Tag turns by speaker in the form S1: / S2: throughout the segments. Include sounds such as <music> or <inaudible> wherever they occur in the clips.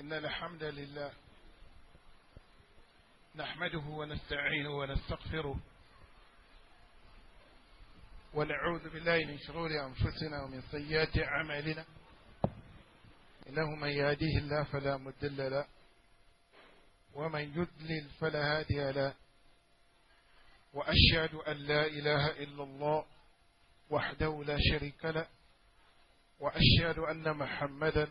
S1: إن الحمد لله نحمده ونستعينه ونستغفره ونعوذ بالله من شرور أنفسنا ومن سيئات أعمالنا إنه من يهديه الله فلا مدل له ومن يدلل فلا هادي له وأشهد أن لا إله إلا الله وحده لا شريك له وأشهد أن محمدا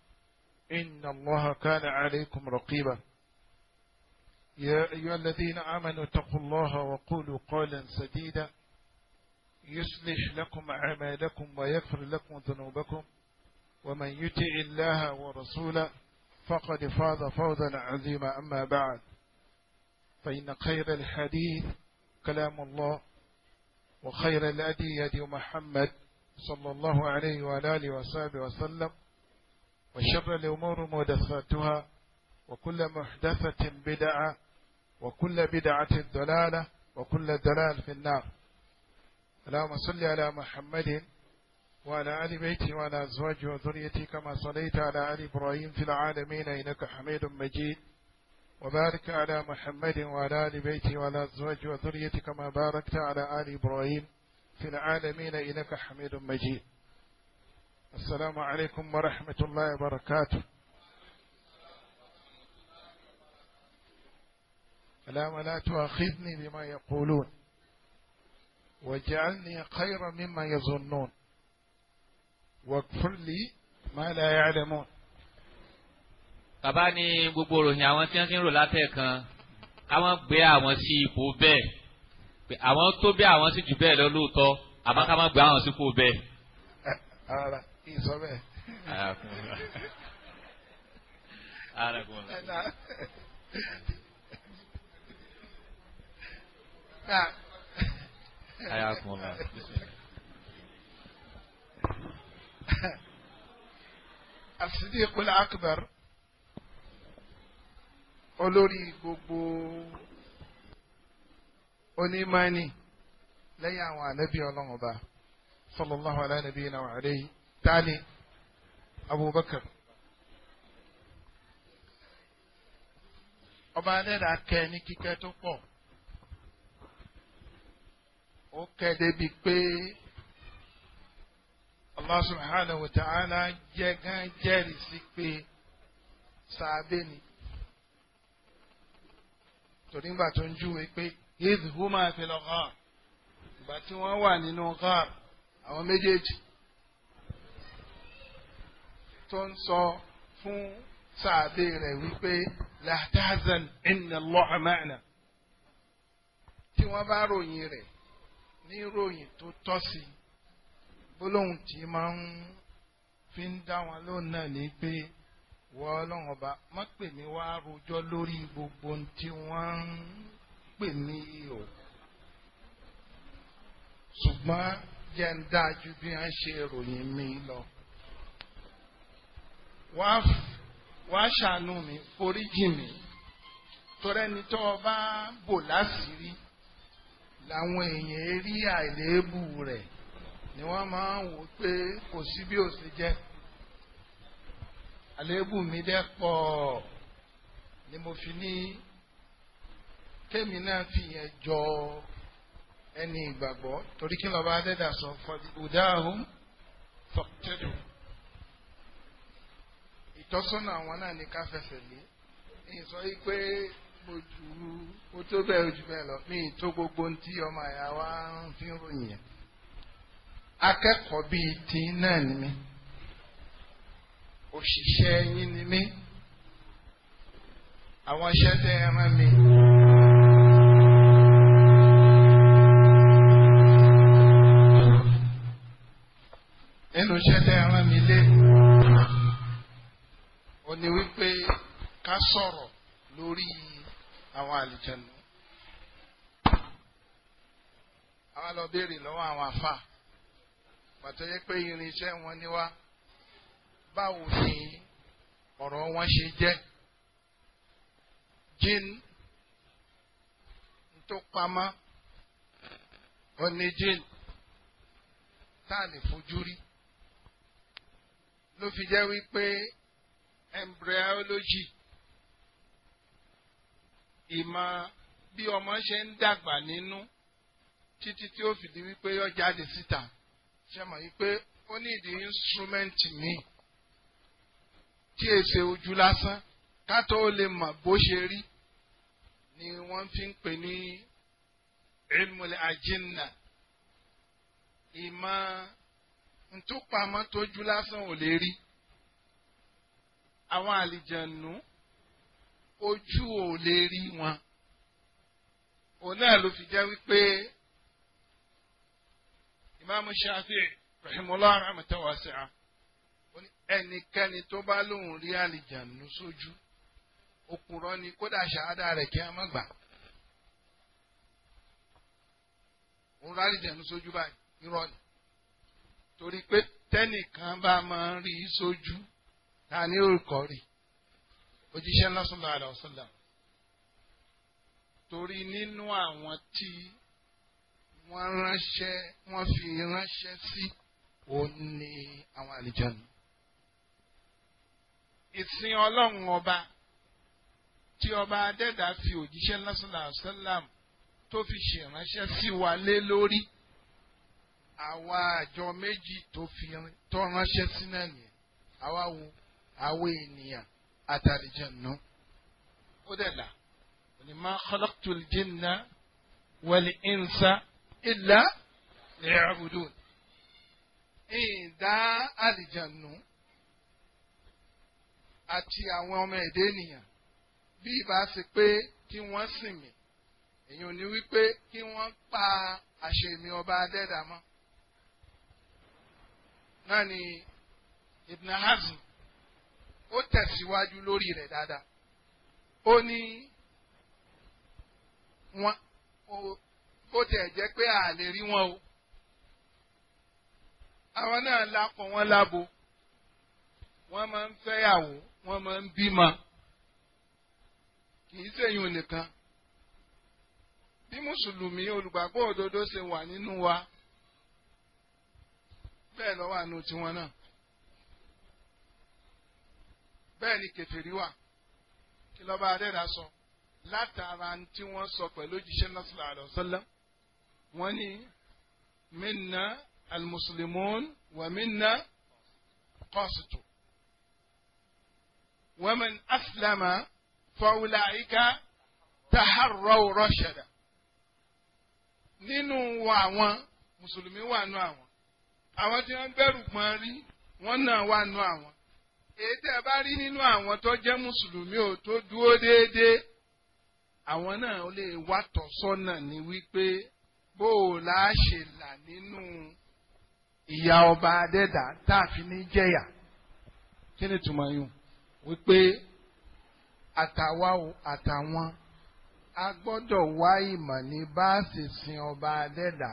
S1: إن الله كان عليكم رقيبا يا أيها الذين آمنوا اتقوا الله وقولوا قولا سديدا يصلح لكم أعمالكم ويغفر لكم ذنوبكم ومن يطع الله ورسوله فقد فاز فوزا عظيما أما بعد فإن خير الحديث كلام الله وخير الأدي يد محمد صلى الله عليه وآله وصحبه وسلم وشر الأمور مدثاتها وكل محدثة بدعة وكل بدعة ضلالة وكل ضلال في النار اللهم صل على محمد وعلى آل بيته وعلى أزواجه وذريته كما صليت على آل إبراهيم في العالمين إنك حميد مجيد وبارك على محمد وعلى آل بيته وعلى أزواجه وذريته كما باركت على آل إبراهيم في العالمين إنك حميد مجيد السلام عليكم ورحمة الله وبركاته اللهم لا تؤاخذني بما يقولون واجعلني خيرا مما يظنون واغفر لي ما لا يعلمون
S2: bàbá gbogbo òròyìn àwọn tí wọ́n ti ń rò látẹ̀kan káwọn gbé àwọn sí ipò bẹ́ẹ̀ àwọn tó bẹ́ẹ̀ àwọn sì jù bẹ́ẹ̀ lọ lóòótọ́ àmọ́ káwọn gbé àwọn sípò bẹ́ẹ̀. في صباح أعرف والله نعم
S1: نعم حياكم الله الصديق الأكبر olórí gbogbo onímọ̀ẹ́nì lẹ́yìn àwọn ànábì ọlọ́run ọba sallallahu ala nabiyina wa alayhi. tani abubakar ọba adẹ́dà kẹ́ ní kíkẹ́ tó pọ̀ ó kẹ́ débi pé Allah subhanahu wa ta'ala jẹ́ gan jẹ́rìí sí pé sàábẹ́ ni torí ńgbà tó ń júwe pé idh huma fil ghar ìgbà tí wọ́n wà nínú ghar àwọn méjèèjì tó ń sọ fún sàbẹ rẹ̀ wípé làtàzàn inna Allaha ma'ana tí wọ́n bá ròyìn rẹ̀ ní ròyìn tó tọ́ sí gbólóhùn tí máa ń fi ń dá wọn lóun náà ní pé wọ́n ọlọ́run ọba má pè mí wá rojọ́ lórí gbogbo tí wọ́n ń pè mí o ṣùgbọ́n jẹ́ ń dáa ju bí wọ́n ṣe ròyìn mi lọ wàá ṣàánú mi foríjì mi torẹ́ni tó o bá bò láṣìírí làwọn èèyàn rí àìléébù rẹ̀ ni wọ́n máa ń wò pé kò sí bí ó ṣe jẹ́ àléébù mi dẹ́ pọ̀ ni mo fi ní kémi náà fi yẹn jọ ẹni ìgbàgbọ́ torí kí lọ́ba adẹ́dà sọ fọdí ọ̀dà ọ̀hún fọ̀tẹ́dùn ìtọ́sọ́nà àwọn náà ni ká fẹsẹ̀ lé ìsọ yìí pé mo jù ú mo tó bẹ́ẹ̀ ojú bẹ́ẹ̀ lọ mí tó gbogbo ń tí ọmọ àyà wa ń fi ń ròyìn akẹ́kọ̀ọ́ bíi ti náà ni mí òṣìṣẹ́ yín ni mí àwọn iṣẹ́ tẹ́ ẹ rán mi. nínú iṣẹ́ tẹ́ ẹ rán mi lé ó ní wípé ká sọ̀rọ̀ lórí àwọn àlìjẹ̀nù. àwa lọ béèrè lọ́wọ́ àwọn àfà pàtó yẹ pé irinṣẹ́ wọn ni báwo ni ọ̀rọ̀ wọn ṣe jẹ́ jin tó pamọ́ ó ní jin tá a lè fojú rí ló fi jẹ́ wípé embryology ìmọ̀ bí ọmọ ṣe ń dàgbà nínú títí tí ó fìdí wípé yọ jáde síta ṣe mọ̀ wípé ó ní ìdí instrument mi tí èsè ojú lásán ká tó lè mọ̀ bó ṣe rí ni wọ́n fi ń pè ní ilmul ajinna ìmọ̀ ntúpamọ́ tójú lásán ò lè rí àwọn àlìjànú ojú ò lè rí wọn òun náà ló fi jẹ́ wípé ìmáàmù Ṣáfi'í rahimahullah rahmatan wasi'a ẹnikẹ́ni tó bá lóun rí àlìjànú sójú òkùnrọ́ ni kódà ṣàádà rẹ̀ kí a má gbà. òun rí àlìjànú sójú báyìí irọ́ ni torí pé tẹ́nìkan bá máa ń rí sójú ta ni orúkọ rí òjíṣẹ́ ńlá sallallahu alaihi wasallam torí nínú àwọn tí wọ́n ránṣẹ́ wọ́n fi ránṣẹ́ sí òun ni àwọn àlìjọ́nù ìsìn ọlọ́run ọba tí ọba adẹ́dà fi òjíṣẹ́ ńlá sallallahu tó fi ṣèránṣẹ́ sí wa lé lórí àwa àjọ méjì tó fi tó ránṣẹ́ sí náà nìyẹn àwa wo àwọn ènìyàn àtàlìjẹ̀nu ó dẹ̀ là òní ma khalaqtul jinna wal insa
S3: illa liya'budun
S1: ìdá àlìjẹ̀nu àti àwọn ọmọ ẹ̀dẹ́ ènìyàn bí ìbá ṣe pé kí wọ́n sìn mí èyí ò ní wípé kí wọ́n pa àṣẹ mi ọba adẹ́dàmọ́ náà ni Ibn ó tẹ̀síwájú lórí rẹ̀ dáadáa ó ní wọn ó tiẹ̀ jẹ́ pé a lè rí wọn o àwọn náà lápọ̀ wọn lábo wọ́n máa ń fẹ́yàwó wọ́n máa ń bímọ kì í ṣèyún nìkan bí mùsùlùmí olùgbàgbọ́ òdodo ṣe wà nínú wa bẹ́ẹ̀ ló wà tiwọn náà bẹ́ẹ̀ ni kèfèrí wà kí lọ́ba adẹ́dà sọ látara tí wọ́n sọ pẹ̀lú òjíṣẹ́ náà sallallahu alaihi wasallam wọ́n ní minna almuslimun wa minna qasitu wa man aslama fa ulaika taharraw rashada nínú wa àwọn mùsùlùmí wà nù àwọn àwọn tí wọ́n bẹ̀rù pọ́n rí wọ́n náà wà nù àwọn èyí tẹ́ ẹ bá rí nínú àwọn tó jẹ́ mùsùlùmí ò tó dúró déédéé àwọn náà lè wá tọ́sọ́nà ní wípé bó o là á ṣe là nínú ìyá ọba adẹ́dà tá a fi ní jẹ̀yà kí ni tùmọ̀ yùn wípé àtàwa o àtàwọn a gbọ́dọ̀ wá ìmọ̀ ní bá sin ọba adẹ́dà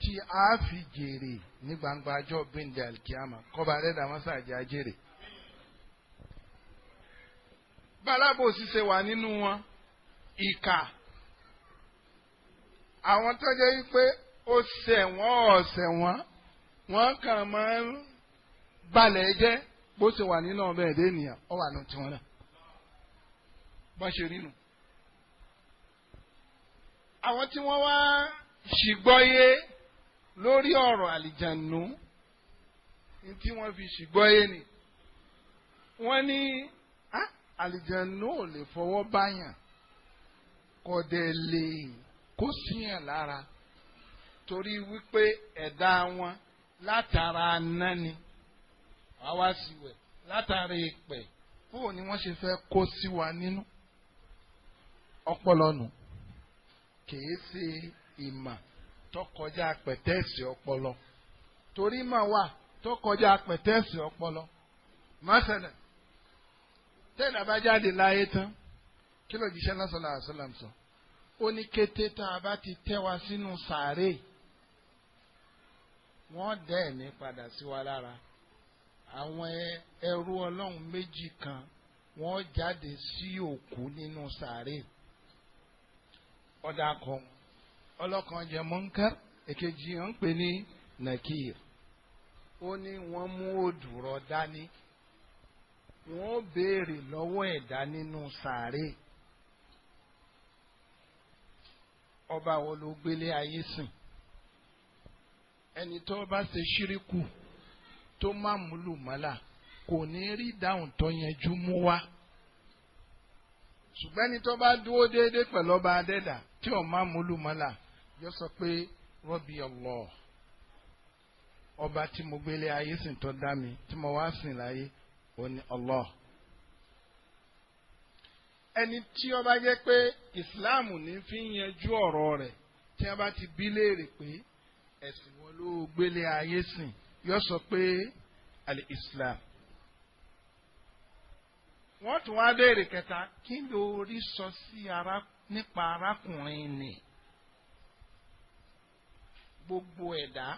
S1: tí a fi jèrè ní gbangba ajọ́ bíndẹ̀ alikiyama kọba adẹ́dà mọ́sàájì ajẹ́rè. balábò ṣiṣẹ́ wà nínú wọn ìkà àwọn tó jẹ́ wípé ó ṣẹ̀ wọ́n ọ̀ṣẹ̀ wọ́n wọ́n kàn máa ń balẹ̀ jẹ́ bó ṣe wà nínú ọbẹ̀ ẹ̀dẹ́ ènìyàn ọ wà nù tiwọn náà bá ṣe rí nu. àwọn tí wọ́n wá ṣìgbọ́yé lórí ọ̀rọ̀ àlìjànú tí wọ́n fi ṣùgbọ́ yé ni wọ́n ní àlìjànú ò lè fọwọ́ báyàn kò dẹ̀ lè kó síyàn lára torí wípé ẹ̀dá wọn látara aná ni wàá wá sí wẹ̀ látara ìpẹ̀ bó ni wọ́n ṣe fẹ́ kó sí wa nínú ọpọlọ nù kì í ṣe ìmọ̀ tó kọjá pẹ̀tẹ́ẹ̀sì ọpọlọ torí mà wà tó kọjá pẹ̀tẹ́ẹ̀sì ọpọlọ mọ́sẹ̀lẹ̀ tẹ́lẹ̀ bá jáde láyé tán kí ló jíṣẹ́ lọ́sọ̀lá àṣọlám sọ ó ní kété tá a bá ti tẹ́ wa sínú sàárè wọ́n dẹ́ ẹ̀mí padà sí wa lára àwọn ẹrú ọlọ́run méjì kan wọ́n jáde sí òkú nínú sàárè ọ̀dà kan ọlọ́kan jẹ́ munkar èkejì ń pè ní nakir ó ní wọ́n mú òdùrọ̀ dání wọ́n ó béèrè lọ́wọ́ ẹ̀dá nínú sàárè ọba wo ló gbélé ayé sìn ẹni tó bá ṣe ṣíríkù tó má múlù mọ́là kò ní rí dáhùn tó yanjú mú wá ṣùgbọ́n ẹni tó bá dúró déédéé pẹ̀lú ọba adẹ́dà tí ò má múlù mọ́là yóò sọ pé rọ́bì Allah ọba tí mo gbélé ayé sìn tó dá mi tí mo wá sìn láyé òun ni Allah ẹni tí ó bá jẹ́ pé ìsìláàmù ní fi ń yanjú ọ̀rọ̀ rẹ̀ tí a bá ti bí léèrè pé ẹ̀sìn wọn ló gbélé ayé sìn yóò sọ pé àlè ìsìláàmù. wọ́n tún wá léèrè kẹta kí ló sọ sí ara nípa arákùnrin nìyí gbogbo ẹ̀dá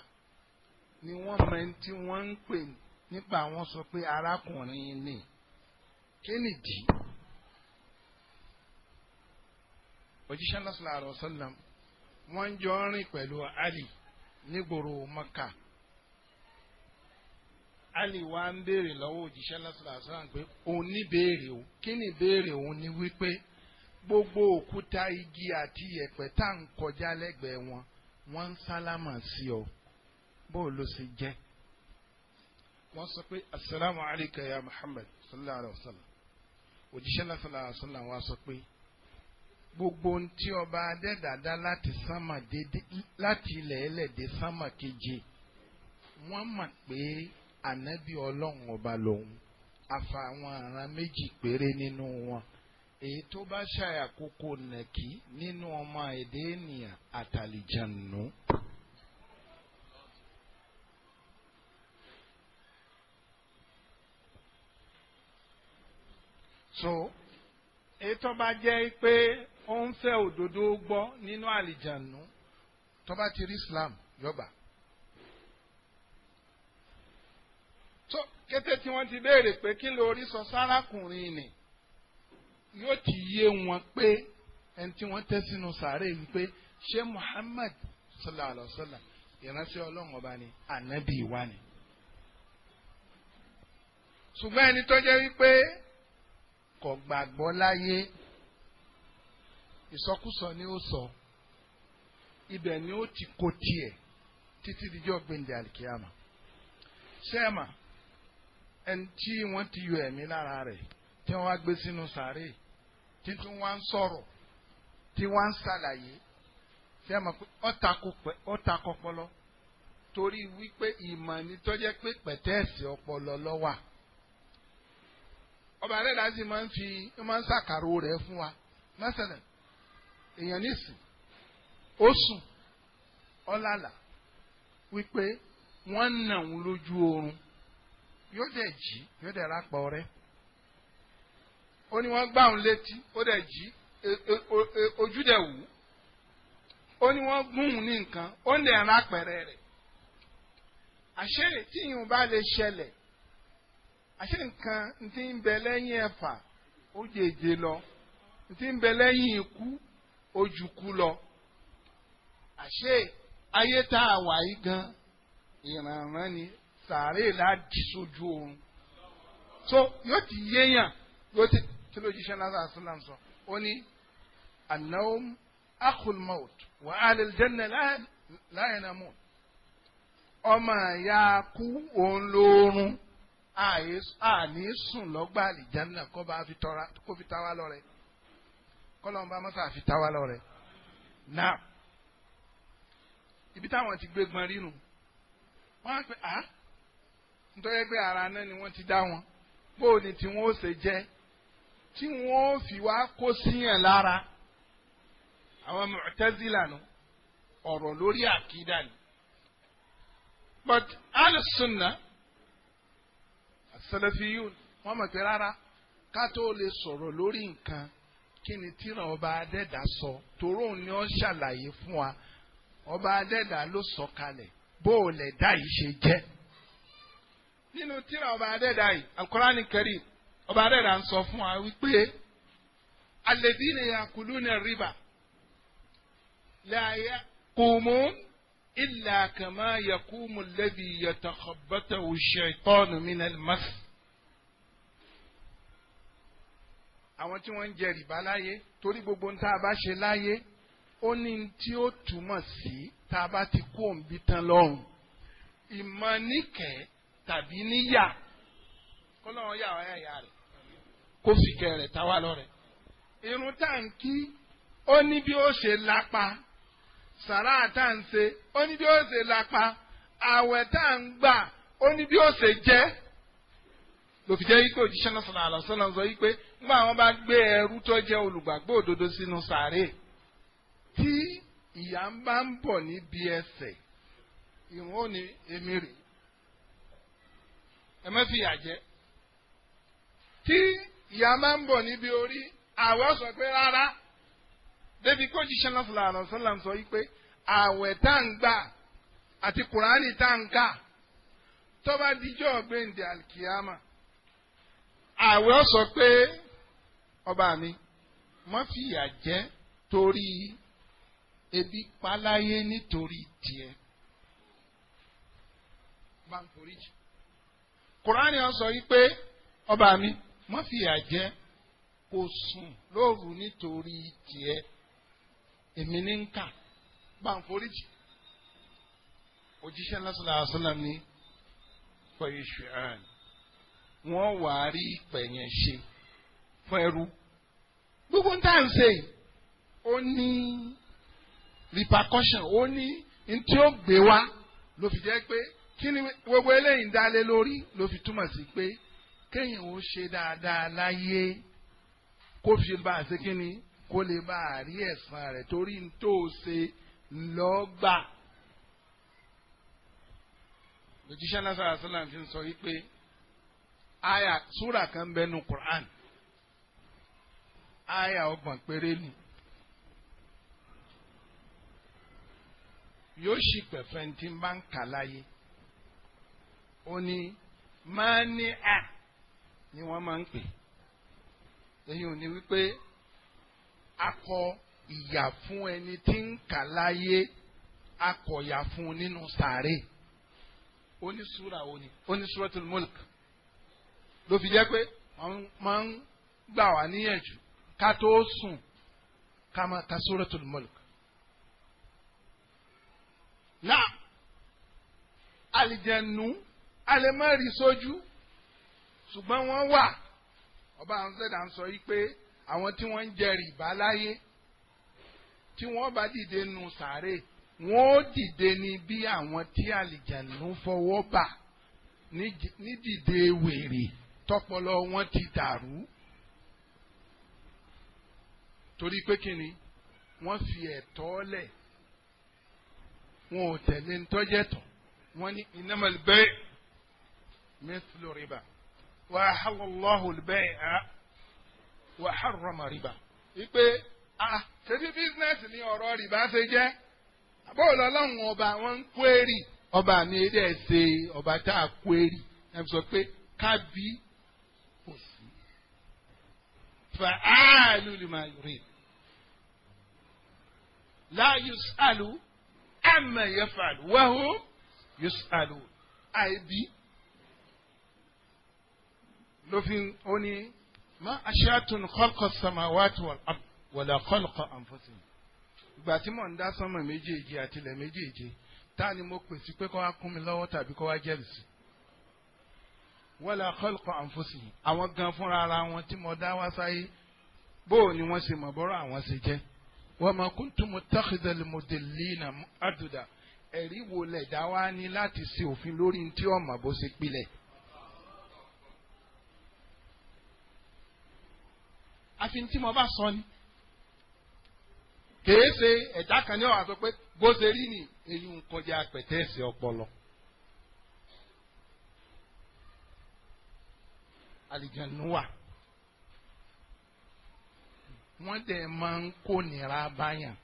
S1: ni wọ́n mọ ẹni tí wọ́n ń pè nípa àwọn sọ pé arákùnrin ni Kennedy, nìdí òjíṣẹ́ lọ́sọ̀lá àrọ̀ sọ́làm wọ́n ń jọ rìn pẹ̀lú Ali nígboro Maka Ali wa ń béèrè lọ́wọ́ òjíṣẹ́ lọ́sọ̀lá sọ́làm pé òun ní béèrè o kí ni béèrè òun ni wípé gbogbo òkúta igi àti yẹ̀pẹ̀ tá à ń kọjá lẹ́gbẹ̀ẹ́ wọn wọ́n ń sálámà sí ọ bó ló ṣe jẹ́ wọ́n sọ pé asalaamu alayka ya muhammad sallallahu alayhi wa sallam òjíṣẹ́ náà sallallahu alayhi wa sallam wa sọ pé gbogbo ohun tí ọba adẹ́dàdá láti sánmà dédé láti ilẹ̀ ẹlẹ́dẹ̀ sánmà keje wọ́n mọ̀ pé ànábì ọlọ́run ọba lòun àfàwọn àrà méjì péré nínú wọn. No èyí tó bá ṣàyàkókò nàkí nínú ọmọ èdè ènìyàn àtàlìjànù. so èyí tó bá jẹ́ pé ó ń fẹ́ òdodo gbọ́ nínú àlìjànù tó bá ti rí Islam yọba. so kété tí wọ́n ti béèrè pé kí lóorí sọ sárákùnrin nìí yóò ti yé wọn pé ẹni tí wọ́n tẹ́ sínú sàárè wípé ṣé Muhammad sallallahu alayhi wa sallam ìránṣẹ́ ọlọ́run ọba ni ànábì wa ni. ṣùgbọ́n ẹni tó jẹ́ wípé kò gbàgbọ́ láyé ìsọkúsọ ni ó sọ ibẹ̀ ni ó ti kó tiẹ̀ títí dijọ́ gbẹ̀ndẹ̀ àlìkíyàmà sẹ́ẹ̀mà ẹni tí wọ́n ti yọ ẹ̀mí lára rẹ̀ tí wọ́n wá gbé sínú sàárè tí tún wá ń sọ̀rọ̀ tí wá ń ṣàlàyé ṣe mọ̀ pé kọpọlọ torí wípé ìmọ̀ ni ọpọlọ lọ́wà ọba rẹ̀dá sì máa ń fi máa ń ṣàkàrò rẹ̀ fún wa mẹ́sàlẹ̀ èèyàn nísìn ó sùn ọ̀làlà wípé wọ́n ń nà òun lójú oorun yóò ó ní wọ́n gbá òun létí ó dẹ̀ jí e, e, e, ojú dẹ̀ wù ó ní wọ́n gúnhùn ní nǹkan ó ń dẹ̀ ran àpẹẹrẹ rẹ̀ àṣé tíyìn bá lè ṣẹlẹ̀ àṣé nǹkan ti ń bẹ lẹ́yìn ẹ̀fà ó jèjè lọ ti ń bẹ lẹ́yìn ikú ó kú lọ àṣé ayé tá a wà yí gan ìrànràn ni sàárè láti sojú oorun so yóò ti yéèyàn yóò ti kí ló jíṣẹ́ náà sọ́lá sọ ó ní anáwó akhul maut wà á lè jẹ́nà láyé náà mọ̀ ọmọ ìyá kú òun lóorun àní sùn lọ́gbà àlìjánà kó bá fi tawá lọ rẹ̀ kọ́lọ́n bá mọ́sá fi tawá lọ rẹ̀ náà ibi táwọn ti gbé gbọ́n rínu wọ́n á pè á nítorí pé ara náà ni wọ́n ti dá wọn bóò tí wọ́n ó ṣe jẹ́ tí wọ́n fi wá kó síyàn lára àwọn Mu'tazila nu ọ̀rọ̀ lórí àkídà ni but alùsùnà as-salafiyun wọ́n mọ̀ pé rárá ká tó lè sọ̀rọ̀ lórí nǹkan kí ni tíran ọba adẹ́dà sọ toró ni ó ṣàlàyé fún wa ọba adẹ́dà ló sọ kalẹ̀ bó o lẹ̀ dá yìí ṣe jẹ́ nínú tíra ọba adẹ́dà yìí Al-Qur'ani Karim ọba adẹ́dà ń sọ fún wa wípé alladhina yakuluna riba la yaqumun illa kama yaqumu alladhi yatakhabbatahu ash-shaytanu minal mas. àwọn tí wọ́n ń jẹ rìbá láyé torí gbogbo ń tá a bá ṣe láyé ó ní tí ó túmọ̀ sí tá a bá ti kú òǹbí tán lọ́rùn ìmọ̀ níkẹ́ tàbí níyà kọ́lọ́run yà wáyà yà rẹ̀ kó fi kẹ́ rẹ̀ tá wà lọ́rẹ̀. irun tá à ń kí ó ní bí ó ṣe lápa sàrà tá à ń ṣe ó ní bí ó ṣe lápa àwẹ̀ tá à ń gbà ó ní bí ó ṣe jẹ́ lòfi jẹ́ wípé òjíṣẹ́ náà sọ̀rọ̀ àlọ́sọ́ náà sọ wípé nígbà wọn bá gbé ẹrú tó jẹ́ olùgbàgbọ́ òdodo sínú sàárè tí ìyà ń bá ń bọ̀ níbi ẹsẹ̀ ìwọ̀n ò ní èmi rè ẹ má yà jẹ́ tí ìyá máa ń bọ̀ níbi orí àwẹ̀ sọ pé rárá débi kó jíṣẹ́ náà fúnra àrùn sọ́là ń sọ yí pé àwẹ̀ tá ń gbà àti kùránì tá ń kà tó bá ọ̀gbẹ́ǹdẹ̀ alkiyama àwẹ̀ sọ pé ọba mi má fìyà jẹ torí ebi paláyé nítorí tiẹ̀ bá ń foríjì kùránì ó sọ yí pé ọba mi má fìyà jẹ kò sùn lóru nítorí tiẹ̀ èmi ní ń kà bá ń foríjì òjíṣẹ́ lásìlá àṣọlá ní fọyíṣù àn wọ́n wà á rí pẹ̀yẹ̀ ṣe fún ẹrú gbogbo ń tà ń ṣe ó ní repercussion ó ní n tí ó gbé wá ló fi jẹ́ pé kí ni gbogbo eléyìí ń dálé lórí ló fi túmọ̀ sí pé kéèyàn ó ṣe dáadáa láyé kó fi bá a ṣe kí ni kó lè bá a rí ẹ̀san rẹ̀ torí n tó ṣe lọ́gbà. lójíṣẹ́ lásán àṣàlàn fi ń sọ yí pé aya súrà kan bẹnu Quran aya ọgbọ̀n péré ni. yóò sì pẹ̀fẹ́ tí bá ń kà láyé. ó ní máa ní à ni wọ́n máa ń pè èyí ò ní wípé akọ ìyà fún ẹni tí ń kà láyé akọ̀yà fún nínú sàárè onísúra òní onísúratul mulk ló fi jẹ́ pé wọ́n máa ń gbà wá níyànjú ká tó sùn ká máa ka súratul mulk. náà àlìjẹ̀nu alẹ́ máa rí sójú. So ṣùgbọ́n wọ́n wà ọba àǹsẹ̀dà ń sọ yìí pé àwọn tí wọ́n ń jẹ rìbá láyé tí wọ́n bá dìde nu sàárè wọ́n ó dìde ní bí àwọn tí àlìjànú fọwọ́ bà ní dìde wèrè tọpọlọ wọn ti dàrú torí pé kí ni fi ẹ̀tọ́ lẹ̀ wọn ò tẹ̀lé ntọ́jẹ̀tọ̀ wọ́n ní ìnámọ̀lẹ́bẹ́ mẹ́tìlóríbà. وأحل الله البيع وحرم ربا ipe ah ṣebí bísínẹ́sì ni ọ̀rọ̀ rìbá ṣe jẹ́ bóòlù ọlọ́run ọba wọn ń kó èrì ọba mi èdè ṣe ọba tá a kó èrì ẹ sọ pé kábí kò sí fàáàlù lè máa rè láàyè sàlù àmọ̀ yẹ fàlù wáhó yẹ sàlù àìbí ló fi ó ní ma aṣáàtún khalqa samawati wal ard wala khalqa anfusin. ìgbà tí mò ń dá sánmọ̀ méjèèjì àti ilẹ̀ méjèèjì ta ni mo pèsè pé kó wá kún mi lọ́wọ́ tàbí kó wá jẹ́rìsì. wala khalqa anfusin àwọn gan fúnra ara wọn tí mo dá wá sáyé bóò ni wọ́n ṣe mọ̀ bọ́rọ̀ àwọn ṣe jẹ́. wa ma kuntu muttakhidhal mudillina aduda ẹ̀rí wo lẹ̀ dá wá ní láti ṣe òfin lórí ntí ọmọ àfi tí mo bá sọ ni kèé ṣe ẹ̀dá kan ní ọ̀hà sọ pé bó ṣe rí ni èyí ń kọjá pẹ̀tẹ́ẹ̀sì ọpọlọ. àlìjànú wà wọ́n dẹ̀ máa ń kó nira báyàn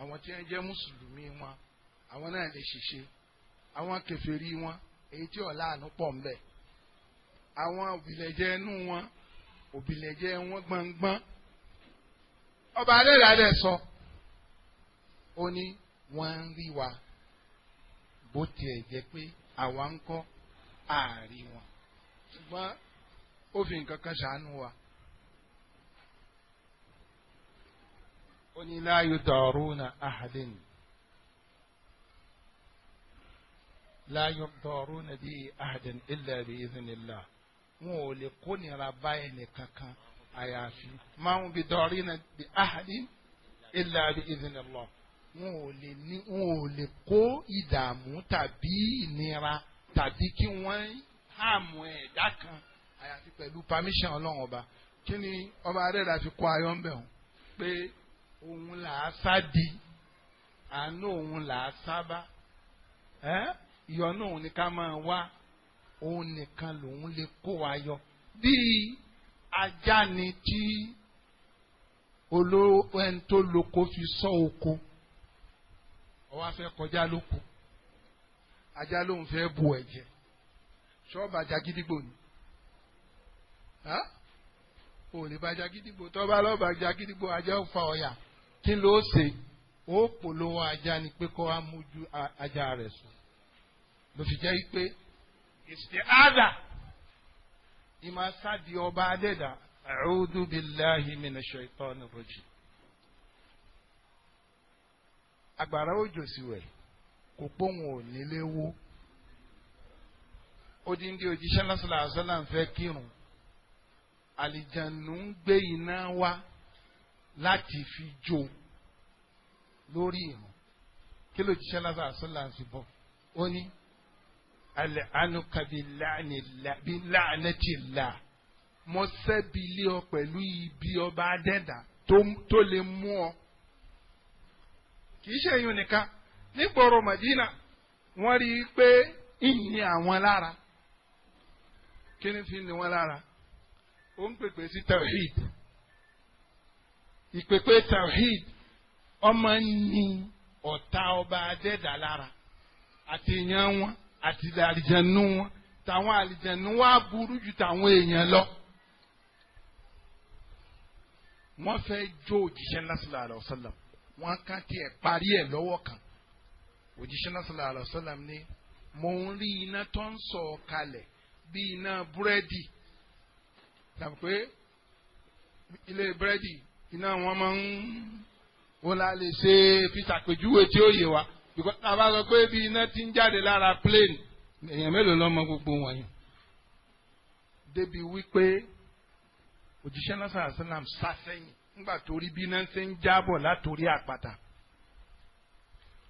S1: àwọn tí wọ́n jẹ́ mùsùlùmí wọn àwọn náà lè ṣiṣẹ́ àwọn kèfèrí wọn èyí tí ọ̀la àánú pọ̀ ń bẹ àwọn òbílẹ̀jẹ́ inú wọn òbílẹ̀jẹ́ wọn gbọ̀ngbọ̀n ọba adẹ́dàdẹ́ sọ ó ní wọ́n ń rí wa bó tiẹ̀ jẹ́ pé àwa ń kọ́ ààrí wọn ṣùgbọ́n ó fi nǹkan kan ṣàánú wa. ó ní láàyò dọ̀rú na ahadin láàyò dọ̀rú na bíi ahadin illa bi idhnillah wọn ò lè kó nira bá ẹnì kankan àyàfi máa ń bi dọ̀rí na bi ahadi illa bi idhnillah wọn ò lè ní wọn ò lè kó ìdààmú tàbí ìnira tàbí kí wọ́n hàmù ẹ̀dá kan àyàfi pẹ̀lú permission ọlọ́run ọba kí ni ọba adẹ́dà fi kó ayọ́ ń bẹ̀ wọ́n pé òun là á sá àánú òun là á sábà ìyọ́nú òun ni ká máa wá òun nìkan lòun lè kó wa yọ bíi ajá ni tí olówó ẹni tó lóko fi sọ oko ó wá fẹ́ kọjá lóko ajá lòun fẹ́ bu ẹ̀jẹ̀ ṣọ́ọ̀bù ajá gídígbò ni o lè bá ajá gídígbò tó bá lọ́ọ́ bá ajá gídígbò ajá ò fa ọ̀yà kí ló ṣe ó polówó ajá ni pé kó wá mójú ajá rẹ̀ sùn ló fi pé isti'aza ìmọ̀ sádi ọba adẹ́dà a'udhu billahi minash shaitanir rajim. Agbara ojo siwe. wẹ̀ kò pọ́n ò nílé wó odindi òjíṣẹ́ lọ́sọ̀lá àṣọ́là ń fẹ́ kírun àlìjànù ń gbé iná wá láti fi jó lórí ìrun kí lójíṣẹ́ lọ́sọ̀lá àṣọ́là ń sì ó ní al'anuka bila'nati Allah mo ṣẹ́bi lé ọ pẹ̀lú ibi ọba adẹ́dà tó lè mú ọ. kìí ṣe èyàn nìkan nígboro Madina wọ́n rí i pé ìyìn àwọn lára kí ni fi ni wọ́n lára ó ń pèpè sí tawhid ìpèpè tawhid ọmọ ní ọ̀tá ọba adẹ́dà lára àti ìyàn wọn àti àlìjẹ̀nu wọn tàwọn àlìjẹ̀nu wa burú ju tàwọn èèyàn lọ. wọ́n fẹ́ jó òjíṣẹ́ ńlá sallallahu alaihi wasallam wọ́n kàn tiẹ̀ parí ẹ̀ lọ́wọ́ kan òjíṣẹ́ ńlá sallallahu alaihi wasallam ní mò ń rí iná tó ń sọ̀ kalẹ̀ bí iná búrẹ́dì tàbí pé ilé búrẹ́dì iná wọn máa ń wọ́n la ṣe fi ṣàpèjúwe tí ó yé wa because tá a bá sọ pé bí iná ti ń jáde lára plane èèyàn mélòó lọ́mọ gbogbo wọ̀nyí. débi wípé òjíṣẹ́ náà sàlám sá sẹ́yìn nígbà tó rí bí iná ṣe ń jábọ̀ látòrí àpáta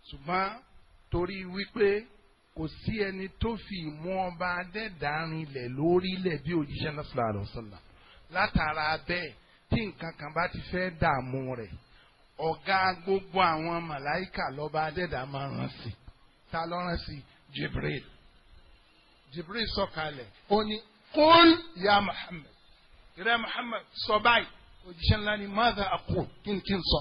S1: ṣùgbọ́n torí wípé kò sí ẹni tó fi ìmú ọba adẹ́dàárin lẹ̀ lórílẹ̀ bí òjíṣẹ́ náà sàlám látara bẹ́ẹ̀ tí nǹkan kan bá ti fẹ́ dààmú rẹ̀ ọ̀gá gbogbo àwọn màláìkà lọ́ba adẹ́dà máa rán sí ta ló rán sí Jibril Jibril sọ̀kalẹ̀ ó ní kúl ya Muhammad ìrẹ́ Muhammad sọ báyìí òjíṣẹ́ ńlá ni mada àkó kí n kí n sọ.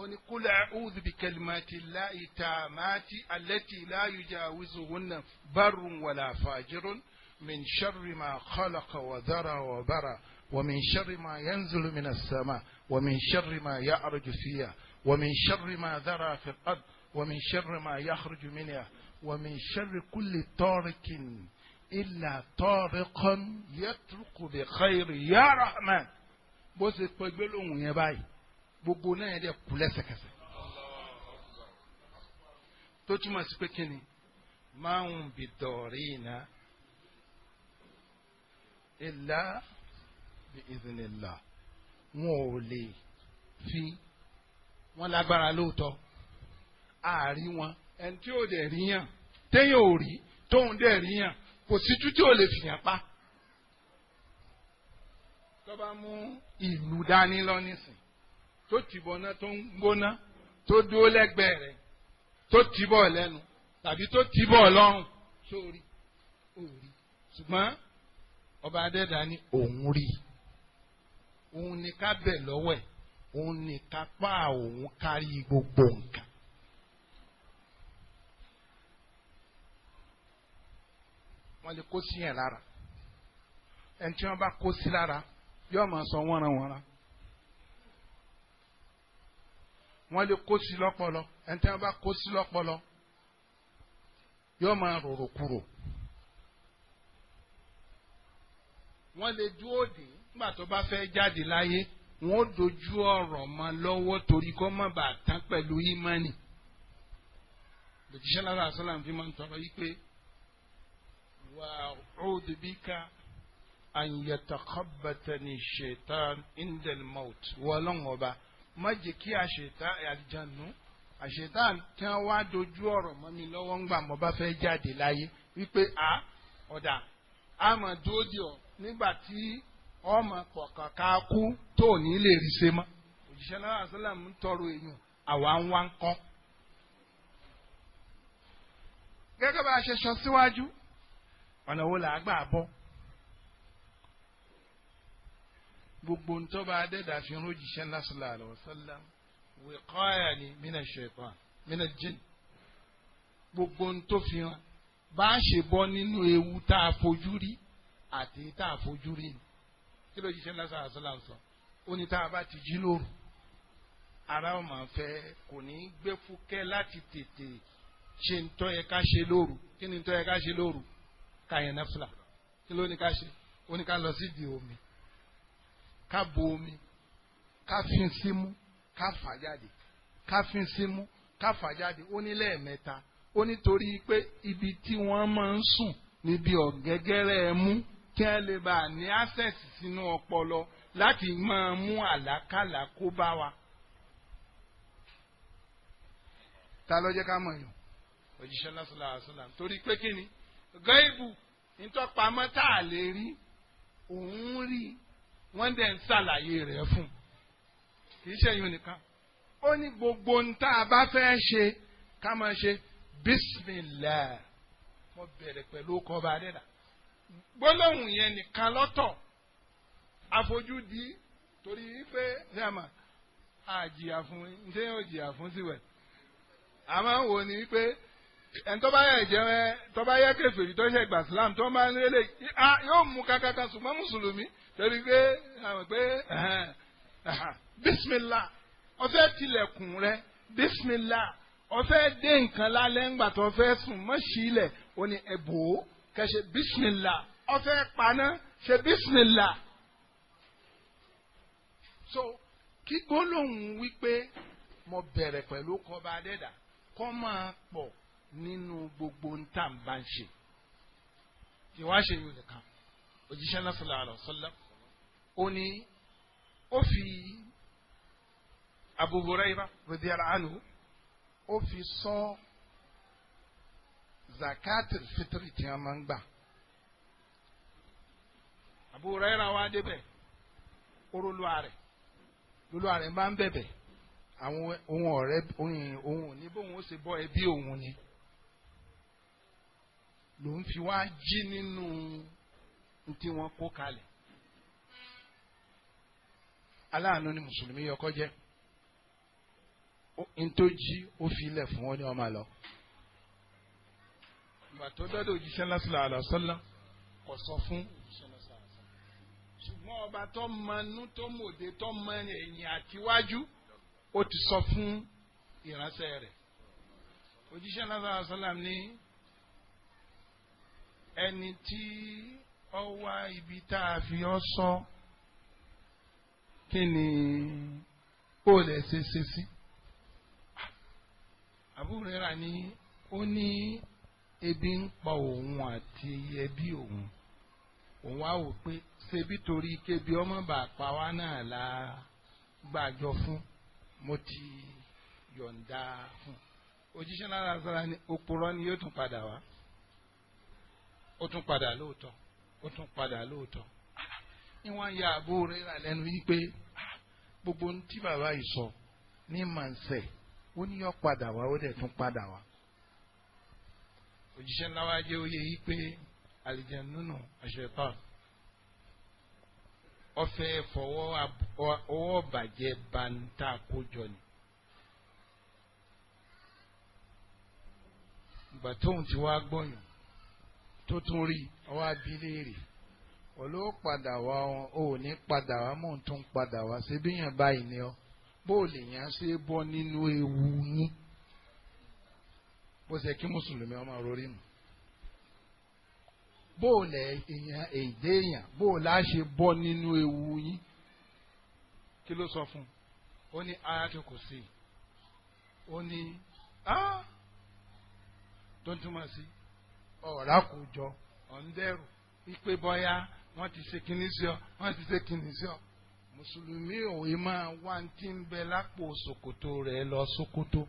S1: ó ní kúl a'udhu bi kalimati llahi taamati allati la yujawizuhunna barrun wala fajirun min sharri ma khalaqa wa dhara wa bara. ومن شر ما ينزل من السماء ومن شر ما يعرج فيها ومن شر ما ذرى في الأرض ومن شر ما يخرج منها ومن شر كل طارق إلا طارقا يترك بخير يا رحمن بس ṣe pẹ́ gbólóhùn yẹn báyìí gbogbo náà yẹn dẹ̀ kú lẹ́sẹ̀kẹsẹ̀ ما هم بدورينا إلا bí ìzìnlélà wọn ò lè fi wọn lágbára lóòótọ́ àárí wọn ẹni tí ò dẹ̀ ríyàn téèyàn ò rí tóun dẹ̀ ríyàn kò síjú tí ò lè fìyàn pa tó bá mú ìlú dání lọ nísìn tó tìbọn náà tó ń gbóná tó dúró lẹ́gbẹ̀ẹ́ rẹ̀ tó tìbọ̀ lẹ́nu tàbí tó tìbọ̀ lọ́rùn sórí òòrí ṣùgbọ́n ọba adẹ́dàá ní òun rí i òun ni ká bẹ̀ lọ́wọ́ ẹ̀ òun ni ká pa òun kárí gbogbo nǹkan. wọ́n lè kó sí yẹn lára ẹni tí wọ́n bá kó sí lára yóò máa sọ wọ́nranwọ́nran wọ́n lè kó sí lọ́pọlọ ẹni tí wọ́n bá kó sí lọ́pọlọ yóò máa rorò kúrò wọ́n lè dúró dè nígbà tó bá fẹ́ jáde láyé wọ́n dojú ọ̀rọ̀ mọ́ lọ́wọ́ torí kó má bàa tán pẹ̀lú ìmánì lòjíṣẹ́ lára àṣàlám fi máa ń tọrọ yí pé wà a'udhu bika an yatakhabbatani shaitan indal maut wọlọ́ngọba má jẹ́ kí àṣetán àjànú àṣetán tí wọ́n wá dojú ọ̀rọ̀ mọ́ mi lọ́wọ́ ńgbà mo bá fẹ́ jáde láyé wípé a ọ̀dà a máa dúró dì ọ́ nígbà tí ọmọ pọ̀kàn ká kú tó ní lè rí ṣe mọ́ òjíṣẹ́ náà àṣọlám ń tọrọ èèyàn àwa ń wá ń kọ́. gẹ́gẹ́ bá a ṣe sọ síwájú ọ̀nà wo là á gbà bọ́ gbogbo ntọ́ba adẹ́dà fi hàn òjíṣẹ́ náà sallallahu alaihi wasallam wìkọ́yà ni mina shaitan mina jinn gbogbo ntọ́ fi hàn bá a ṣe bọ́ nínú ewu tá a fojú rí àti tá a fojú rí ni kí ló jíṣẹ́ lásán àṣàlám sọ ó ní tá a bá ti jí lóru ara ọ̀ máa fẹ́ kò ní gbé fúkẹ́ láti tètè ṣe ń tọ́ yẹ ká ṣe lóru kí ni ń tọ́ yẹ ká ṣe lóru ká yẹn náfìlà kí ló ní ká ṣe ó ní ká lọ sí di omi ká bo omi ká fi símú ká fà jáde ká fi símú ká fà jáde ó ní lẹ́ẹ̀mẹ́ta ó nítorí pé ibi tí wọ́n máa ń sùn níbi ọ̀gẹ́gẹ́rẹ́ mú kẹ́ ẹ lè bá ní access sínú ọpọlọ láti máa mú àlákàlà kó bá wa. ta ló jẹ́ ká mọ̀ yàn òjíṣẹ́ lásìlá àṣìlá torí pé kí ni gẹ́ìbù ntọ́pamọ́ tá a lè rí òun rí wọ́n dẹ̀ ń ṣàlàyé rẹ̀ fún kì í ṣẹ̀yìn nìkan ó ní gbogbo ń tá a bá fẹ́ ṣe ká máa ṣe bísímìlá mo bẹ̀rẹ̀ pẹ̀lú ọkọ̀ ọba adẹ́dàá gbólóhùn yẹn nìkan lọ́tọ̀ àfojúdi torí pé ṣé àmà àjìyà fún ṣé yóò jìyà fún síwẹ̀ àmọ́ wò ni pé ẹni tó bá yẹ jẹ́ tó bá yẹ kèfèrí tó ṣe gbà sílámù tó máa ń lélẹ̀ yóò mú kakaka ṣùgbọ́n mùsùlùmí torí pé àmọ̀ pé bísímìlà ọfẹ́ tilẹ̀kùn rẹ bísímìlà ọfẹ́ dé nǹkan lálẹ́ ńgbà tó fẹ́ sùn mọ́ sílẹ̀ ó ní ẹ̀bùn kẹsẹ bisimilá ọfẹ paná ṣe bisimilá so kí gbólóhùn wípé mo bẹ̀rẹ̀ pẹ̀lú kọba adẹ́dà kọ́ máa pọ̀ nínú gbogbo ntà ń bá ń ṣe ìwá ṣe yóò nìkan òjíṣẹ́ náà sallallahu alaihi wasallam ó ní ó fi Abu Hurairah radiyallahu anhu ó fi sọ. So, zakatul fitiri tí wọ́n máa ń gbà. Abu Hurairah wa débẹ̀ orólùwà rẹ̀ lólùwà rẹ̀ máa ń bẹ̀bẹ̀ àwọn ohun ọ̀rẹ́ ohun òní bóun ó ṣe bọ́ ẹbí òun ni ló ń fi wá jí nínú tí wọ́n kó kalẹ̀ aláàánú ni mùsùlùmí yọkọ jẹ́ ntójí ó fi ilẹ̀ fún wọn ní ọmọ àlọ́ ìgbà tó dọ́dọ̀ òjíṣẹ́ lásìlá àlọ́sọ́lá kò sọ fún òjíṣẹ́ lásìlá àlọ́sọ́lá ṣùgbọ́n ọba tó mọnú tó mòde tó mọ ẹ̀yìn àtiwájú ó ti sọ fún ìránṣẹ́ rẹ̀ òjíṣẹ́ lásìlá àlọ́sọ́lá ní ẹni tí ọ wá ibi tá a fi ọ sọ kí ni ó lè ṣe ṣe sí àbúrò rẹ̀ rà ní ó ní ebi ń pa òun àti ẹbí òun òun wá wò pé ṣebí torí kébi ọmọ bá pa wá náà la gbàjọ fún mo ti yọ̀ǹda fún òjíṣẹ́ náà lásán ni òpùrọ́ ni yóò tún padà wá ó tún padà lóòótọ́ ó tún padà lóòótọ́ ni wọ́n ya àbó rẹ̀ rà lẹ́nu wípé gbogbo ohun tí bàbá yìí sọ ní màǹsẹ̀ ó ní yọ padà wá ó dẹ̀ tún padà wá òjíṣẹ́ ńlá oye jẹ́ oyè yìí pé àlìjẹ̀nù nù àṣetán ọfẹ fọwọ́ ọwọ́ bàjẹ́ bàǹtà kójọ ni. ìgbà tóun ti wá gbọ̀yàn tó tún rí ọwọ́ abíléèrè olówó padà wá wọn ò ní padà wá tún padà wá yàn báyìí ọ bó lè yàn bó ṣe kí mùsùlùmí ọmọ orí nù bó o lẹ èèyàn èdè èèyàn bó o láṣẹ bọ́ nínú ewu yín kí ló sọ fún un ó ní ayáto kò sí ó ní tó ń túmọ̀ sí ọ̀rá kò jọ ọ̀ndẹ́rù ìpè bọ́yá wọ́n ti ṣe kíní sí ọ wọ́n ti ṣe kíní sí ọ mùsùlùmí òye máa wá ti ń bẹ lápò ṣòkòtò rẹ̀ lọ ṣòkòtò. So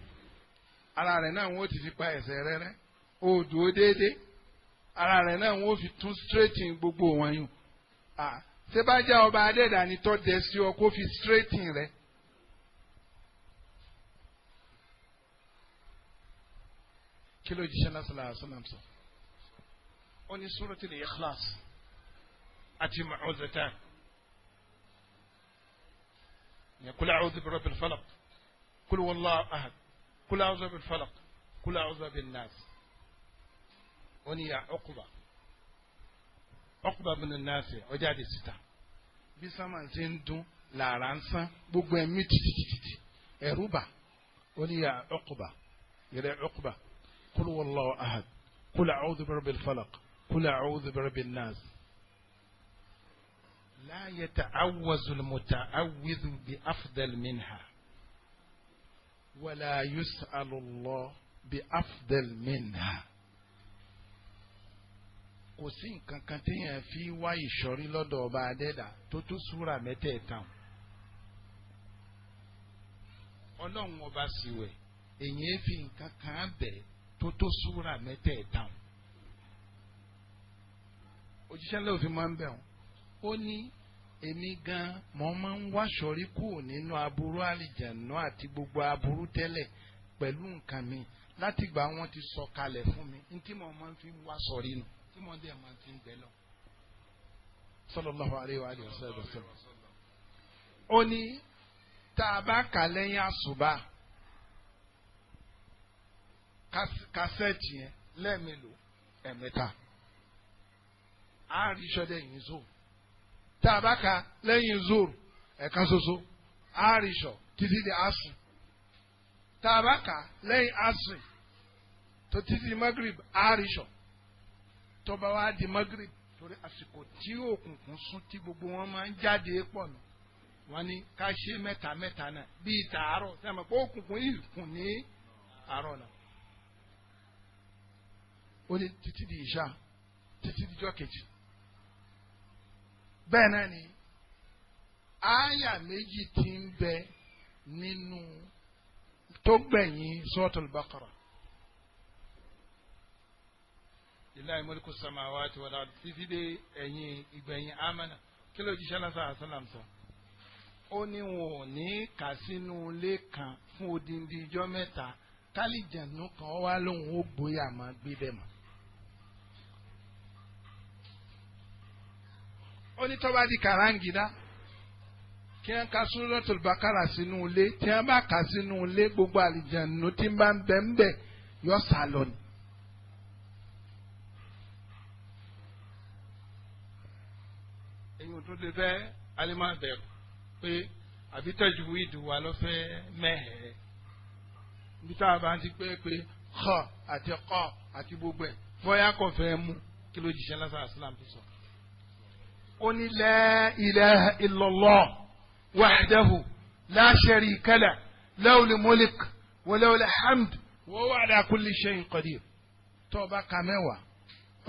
S1: ara rẹ̀ náà wọ́n ti fi pa ẹ̀ṣẹ̀ rẹ̀ rẹ́ o dúró déédéé ara rẹ̀ náà wọ́n fi tún straighten gbogbo wọn yùn ṣé bá jẹ́ ọba adẹ́dàní tó dẹ sí ọ kó fi straighten rẹ̀. kí ló jíṣẹ́ náà sọ̀rọ̀ àṣọ náà sọ. ó ní Suratul Ikhlas àti Mu'awwidhatayn. yẹ kul a'udhu bi rabbil falaq kul huwallahu كل أعوذ بالفلق كل أعوذ بالناس وني عقبة عقبة من الناس وجاد ستة بسما زندو لا رانسا بقوة ميت إروبا وني عقبة يرى عقبة قل والله أحد قل أعوذ برب الفلق قل أعوذ برب الناس لا يتعوز المتعوذ بأفضل منها ولا yus'alu الله بأفضل منها. minha kò sí nǹkan kan téèyàn fi wá ìṣọ́rí lọ́dọ̀ ọba adẹ́dà tó tó súra mẹ́tẹ̀ẹ̀ta o ọlọ́run ọba sì wẹ̀ èyí ń fi nǹkan kan bẹ̀ tó tó súra mẹ́tẹ̀ẹ̀ta o òjíṣẹ́ lóòfin máa ń bẹ̀ wọ́n ó ní èmi gan mo máa ń wáṣọrí kúrò nínú aburú àlìjànú àti gbogbo aburú tẹ́lẹ̀ pẹ̀lú nǹkan mi látìgbà wọn ti sọ kalẹ̀ fún mi ní tí mo máa ń fi wáṣọrí nù tí mo dẹ̀ máa ti ń lọ. sallallahu alaihi wa alihi wasallam. ó ní tá a bá kà lẹ́yìn àṣùbà kásẹ̀tì yẹn lẹ́ẹ̀mélòó ẹ̀mẹ́ta a rí sọ́dẹ̀ yìí zòó tá a bá ka lẹ́yìn zoro ẹ̀ka ṣoṣo àrìṣọ títí di asri tá a bá ka lẹ́yìn asri tó títí di magrib àrìṣọ tó wa wá di magrib torí àsìkò tí òkùnkùn sún tí gbogbo wọn máa ń jáde pọ̀ nù wọ́n ní ká ṣe mẹ́ta mẹ́ta náà bíi tàárọ̀ tí a mọ̀ pé òkùnkùn yìí kùn ní àárọ̀ náà ó ní títí di ìṣá títí di jọ́ bẹ́ẹ̀ náà ni àyà méjì tí ń bẹ nínú tó gbẹ̀yìn suratul Baqara. lillahi mulku samawati wal ardi títí dé ẹ̀yìn ìgbẹ̀yìn amana kí ló jíṣẹ́ lásán àṣàlám sọ. ó ní wọn ò ní kà sínú ilé kan fún odindi ijọ́ mẹ́ta kálíjànú kan wá lóun ó gbóyà máa gbé bẹ́ẹ̀ mọ́. onítọ́ba di kàráǹgídá kí wọ́n ka suratul bakara sínú ilé tí wọ́n bá kà sínú ilé gbogbo àlìjànù tí ń bá ń bẹ̀ ń bẹ̀ yọ sálọ ni. èyí tó ti fẹ́ alimọ̀ bẹ̀rù pé àbí tẹ̀jú wíìdù wa ló fẹ́ mẹ́hẹ̀ẹ́ bí tá a bá ti pé pé kọ́ àti kọ́ àti gbogbo ẹ̀ fọ́yà kọ̀ mú kí ló jíṣẹ́ lásán àsìlámù tó sọ ó ní la ilaha illallah wahdahu la sharika lahu lahul mulk wa lahul hamd wa huwa ala kulli shay'in qadir tó o bá ka mẹ́wàá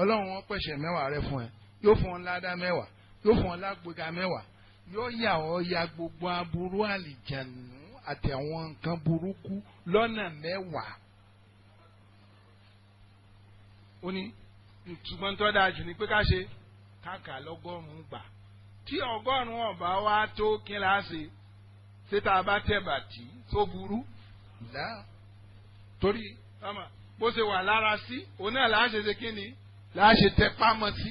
S1: ọlọ́run wọn pèsè mẹ́wàá rẹ fún ẹ yóò fún ọ ládá mẹ́wàá yóò fún ọ lágbèga mẹ́wàá yóò yà ọ́ ya gbogbo aburú àlìjànú àti àwọn nǹkan burúkú lọ́nà mẹ́wàá. ó ní ìtumọ̀ tó dáa jù ní pé ká káka lọ́gọ́rùn-ún gbà tí ọgọ́rùn-ún ọ̀bá wa tó kíláàsì ṣé tá a bá tẹ̀ bàtì tó burú ǹdá torí ọmọ bó ṣe wà lára sí òun náà láà ṣe ṣe kí ni láà ṣe tẹ pámọ́ sí.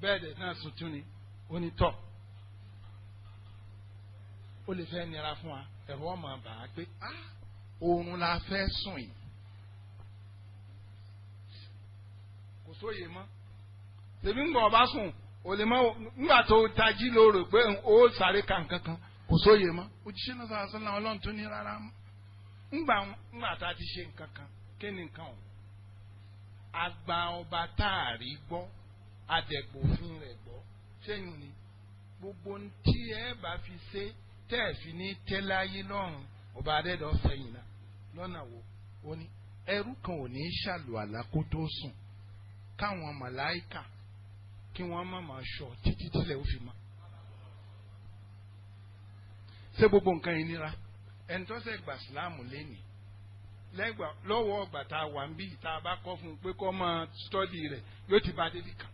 S1: bẹ́ẹ̀dẹ̀ náà tuntun ni onítọ̀ ó lè fẹ́ nira fún wa ẹ̀rọ ọmọ bàá pé oorun ah, la fẹ́ sùn yìí kò sóye mọ́ tèmi ń gbọ́ ọba sùn ò lè mọ́ nígbà tó tají ló rò pé ó sáré ka nǹkan kan kò sóye mọ́ òjíṣẹ́ náà sọ̀rọ̀ sọ́nà ọlọ́run tó ní rárá mọ́ ńgbà ńgbà tá a ti ṣe nǹkan kan kí ni nǹkan o àgbà ọba tá a rí gbọ́ adẹ̀gbòfin rẹ̀ gbọ́ sẹ́yìn ni gbogbo tí ẹ bá fi ṣe tẹ́ ẹ̀ fi ní tẹ́láyé lọ́rùn ọba adẹ́dọ̀ sẹ́yìn náà lọ́nà wo ó ní ẹrú kan ò ní ṣàlùwàlá kó tó sùn káwọn màláìkà kí wọ́n má máa sọ títí tílẹ̀ ó fi mọ́. ṣé gbogbo nǹkan yìí nira ẹni tó ṣe gbà síláàmù lẹ́nìí lẹ́gbà lọ́wọ́ ọgbà tá a wà ń bí tá a bá kọ́ fún un pé kó máa stọ́dì rẹ̀ yóò ti bá débi kan.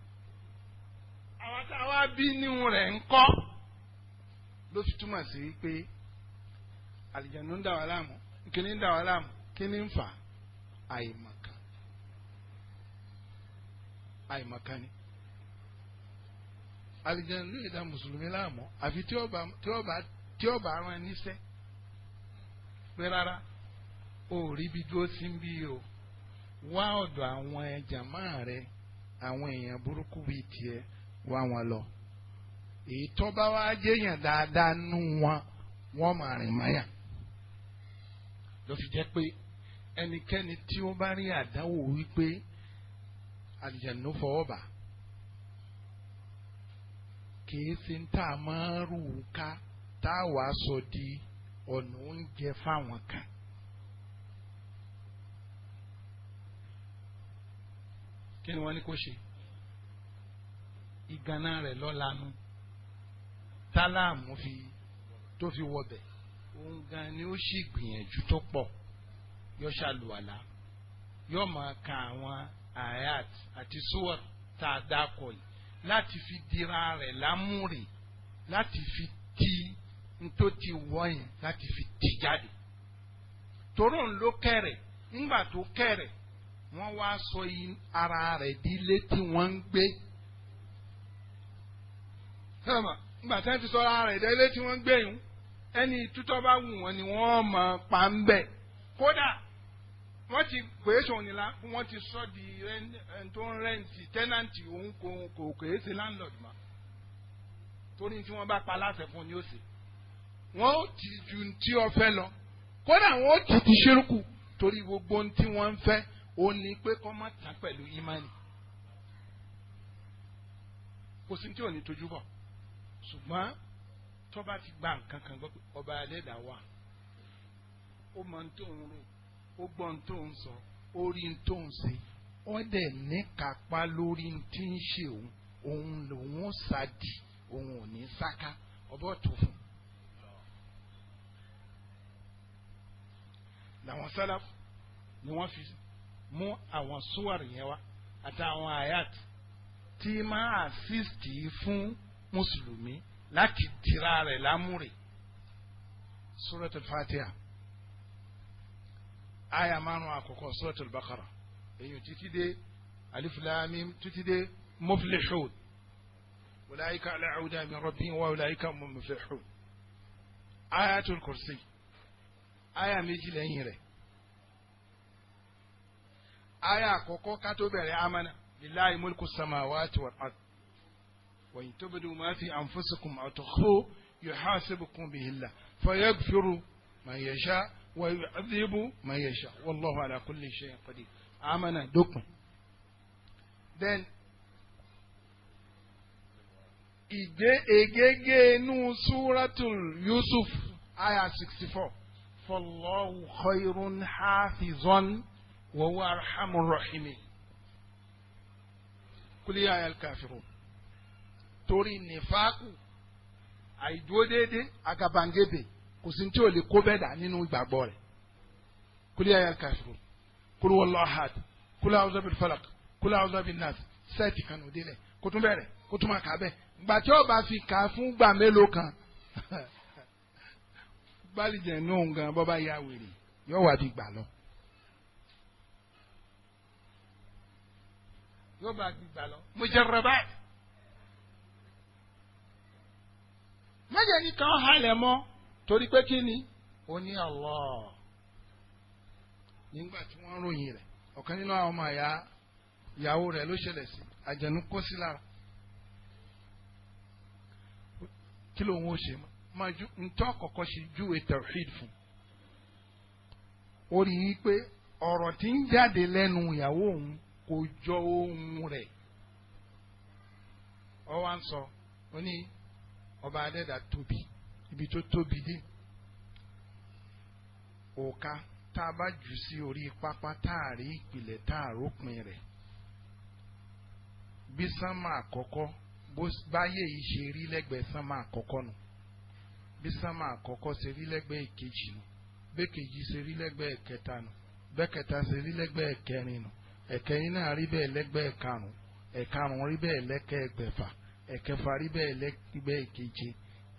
S1: àwọn tá a wá bí níhun rẹ̀ ń kọ́ ló fi túmọ̀ sí pé àlìjànnú ń dà wá láàmú kíní ń dà wá láàmú kíní ń fà àìmọ̀ àìmọ̀kan makani alìjẹun ló lè da mùsùlùmí láàmú àfi tí ọba tí ọba tí ọba o rí bí dúró sí bí o wá ọ̀dọ̀ àwọn jàmá rẹ àwọn èèyàn burúkú bíi tiẹ̀ wá wọn lọ èyí tó bá wá jẹ́yàn dáadáa nú wọn wọ́n máa rìn máyà ló fi jẹ́ pé ẹnikẹ́ni tí ó bá rí àdánwò wípé àlìjẹ̀nù fọwọ́ bà kìí ṣe ń tà máa rù ú ká tá a wàá sọ di ọ̀nà oúnjẹ fáwọn kan. kí ni wọ́n ní kó ṣe ìgànnà rẹ̀ lọ́lanu táláàmù fi tó fi wọbẹ̀ òun gan ni ó sì gbìyànjú tó pọ̀ yọ ṣàlùwàlà yọ máa ka àwọn ayat àti suwar ta a dákọ̀ yìí láti fi dira rẹ̀ lámúre láti fi ti ntó ti wọ̀nyí láti fi ti jáde toró ń ló kẹrẹ̀ ńgbà tó kẹrẹ̀ wọ́n wá sọ ara rẹ̀ di ilé tí wọ́n ń gbé ńgbà tí wọ́n ti sọ ara rẹ̀ di ilé tí wọ́n ń gbé yìí ẹni tútọ́ bá wù wọ́n ni wọ́n mọ̀ pa ń bẹ̀ kódà wọ́n ti kòéṣàn ni la wọ́n ti sọ di eh, tó ń rẹ́ǹtì tẹ́nàǹtì òun kò kò kòéṣe landlord ma torí tí wọ́n bá pa láṣẹ fún ni ó ṣe wọ́n ó ti ju tí wọ́n fẹ́ lọ kódà wọ́n ó ti ti ṣerúkù torí gbogbo ohun tí wọ́n ń fẹ́ ó ní pé kọ́ má tán pẹ̀lú ìmánì kò sí tí ò ní tójú bọ̀ ṣùgbọ́n tó bá ti gba nǹkan kan gbọ́ pé ọba ẹlẹ́dàá wà ó mọ ohun tó ń rò ó gbọ́ ohun tó ń sọ ó rí ohun tó ń ṣe ó dẹ̀ níkàápá lórí ohun tí ń ṣe òun òun lòun ó sàdì òun ò ní sáká ọbọ̀ tó fún un. làwọn sálàf ni wọ́n fi mú àwọn súwàrì yẹn wá àtàwọn ayat tí máa assist fún mùsùlùmí láti dira rẹ̀ lámúre. Suratul Fatiha. aya márùn àkọ́kọ́ surat baqara èyàn títí dé alif lam mim títí dé muflihun ulaika ala awda min rabbihim wa ulaika hum muflihun ayatul kursi aya méjì lẹ́yìn rẹ̀ aya àkọ́kọ́ ká tó bẹ̀rẹ̀ amana lillahi mulku samawati wal ard wa in tubdu ma fi anfusikum aw tukhfu yuhasibukum bihi Allah fayaghfiru man yasha' ويعذب ما يشاء والله على كل شيء قدير amana dópin then ìgbé egége inú suratul yusuf aya sixty four fallahu khayrun hafizan wa huwa arhamur rahimin kuli ya ayal kafirun torí nífàkù àìdúró déédéé àgàbàǹgẹ̀dẹ̀ kò sí tí o lè kó bẹ́ẹ̀ dà nínú ìgbàgbọ́ rẹ̀ kúlẹ̀ ayé kàfọ́ kúlẹ̀ wọlọ́ ahad kúlẹ̀ awúzọ́ bíi falak kúlẹ̀ awúzọ́ bíi nas sẹ́ẹ̀tì kan ò délẹ̀ kó tún bẹ̀rẹ̀ kó tún máa kà bẹ́ẹ̀ gbà tí ó bá fi kà fún gbà mélòó kan gbàlìjẹ̀ <laughs> nùhùn gan bọ́ bá ya wèrè yóò wà bí gbà lọ. yóò bá bí gbà lọ. mo jẹ rẹ báyìí.
S3: má kàn án halẹ̀ mọ́.
S1: torí pé kí ni ó ní Allah nígbà tí wọ́n ròyìn rẹ̀ ọ̀kan nínú àwọn ọmọ àyà ìyàwó rẹ̀ ló ṣẹlẹ̀ sí àjẹnú kó sí lára kí ló ń ṣe máa ju ntọ́ kọ̀kọ́ ṣe júwe tawhid fún ó rí pé ọ̀rọ̀ tí ń jáde lẹ́nu ìyàwó òun kò jọ ohun rẹ̀ ọ wá ń sọ ó ní ọba adẹ́dà tóbi. bito tó tóbi dé òka tá a bá jù sí orí pápá táàrí ìpìlẹ̀ táàrópin rẹ̀ bí sánmà àkọ́kọ́ bó báyé yìí ṣe rí lẹ́gbẹ̀ẹ́ sánmà àkọ́kọ́ nù bí sánmà àkọ́kọ́ ṣe rí lẹ́gbẹ̀ẹ́ ìkejì nù bẹ́ẹ̀kejì ṣe rí lẹ́gbẹ̀ẹ́ kẹta nù bẹ́ẹ̀kẹta ṣe rí lẹ́gbẹ̀ẹ́ kẹrin nù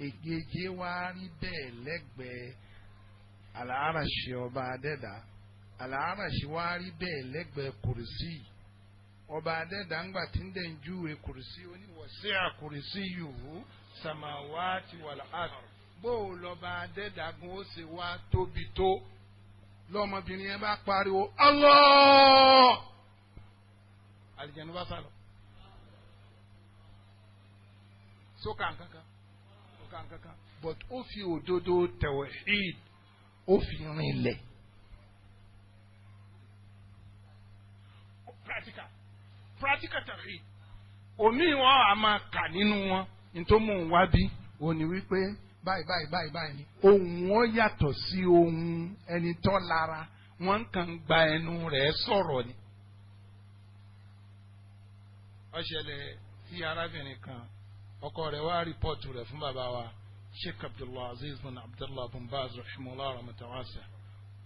S1: ègéje wa rí bẹ́ẹ̀ lẹ́gbẹ̀ẹ́ àlàáràṣì ọba adẹ́dà àlàáràṣì wá rí bẹ́ẹ̀ lẹ́gbẹ̀ẹ́ kùrìsì ọba adẹ́dà ńgbà tí ń dẹ̀ ń júwe kùrìsì oníwọ̀sí àkùrìsì yòówù sàmàwá ti wà láàrú bó o adẹ́dà gan ó sì wá pariwo but ó fi òdodo tawhid ó fi rinlẹ̀. practical practical tawhid omi wọn a máa kà nínú wọn nítorí mò ń wá bí òní wípé báyìí báyìí báyìí báyìí ni ohun wọn yàtọ̀ sí ohun ẹni tó lára wọn kàn gba ẹnu rẹ̀ sọ̀rọ̀ ni. ó ṣẹlẹ̀ arábìnrin kan ọkọ rẹ̀ wá rìpọ́tù rẹ̀ fún bàbá wa sheikh abdullah aziz bin abdullah bin baz rahimahullah rahmatawasa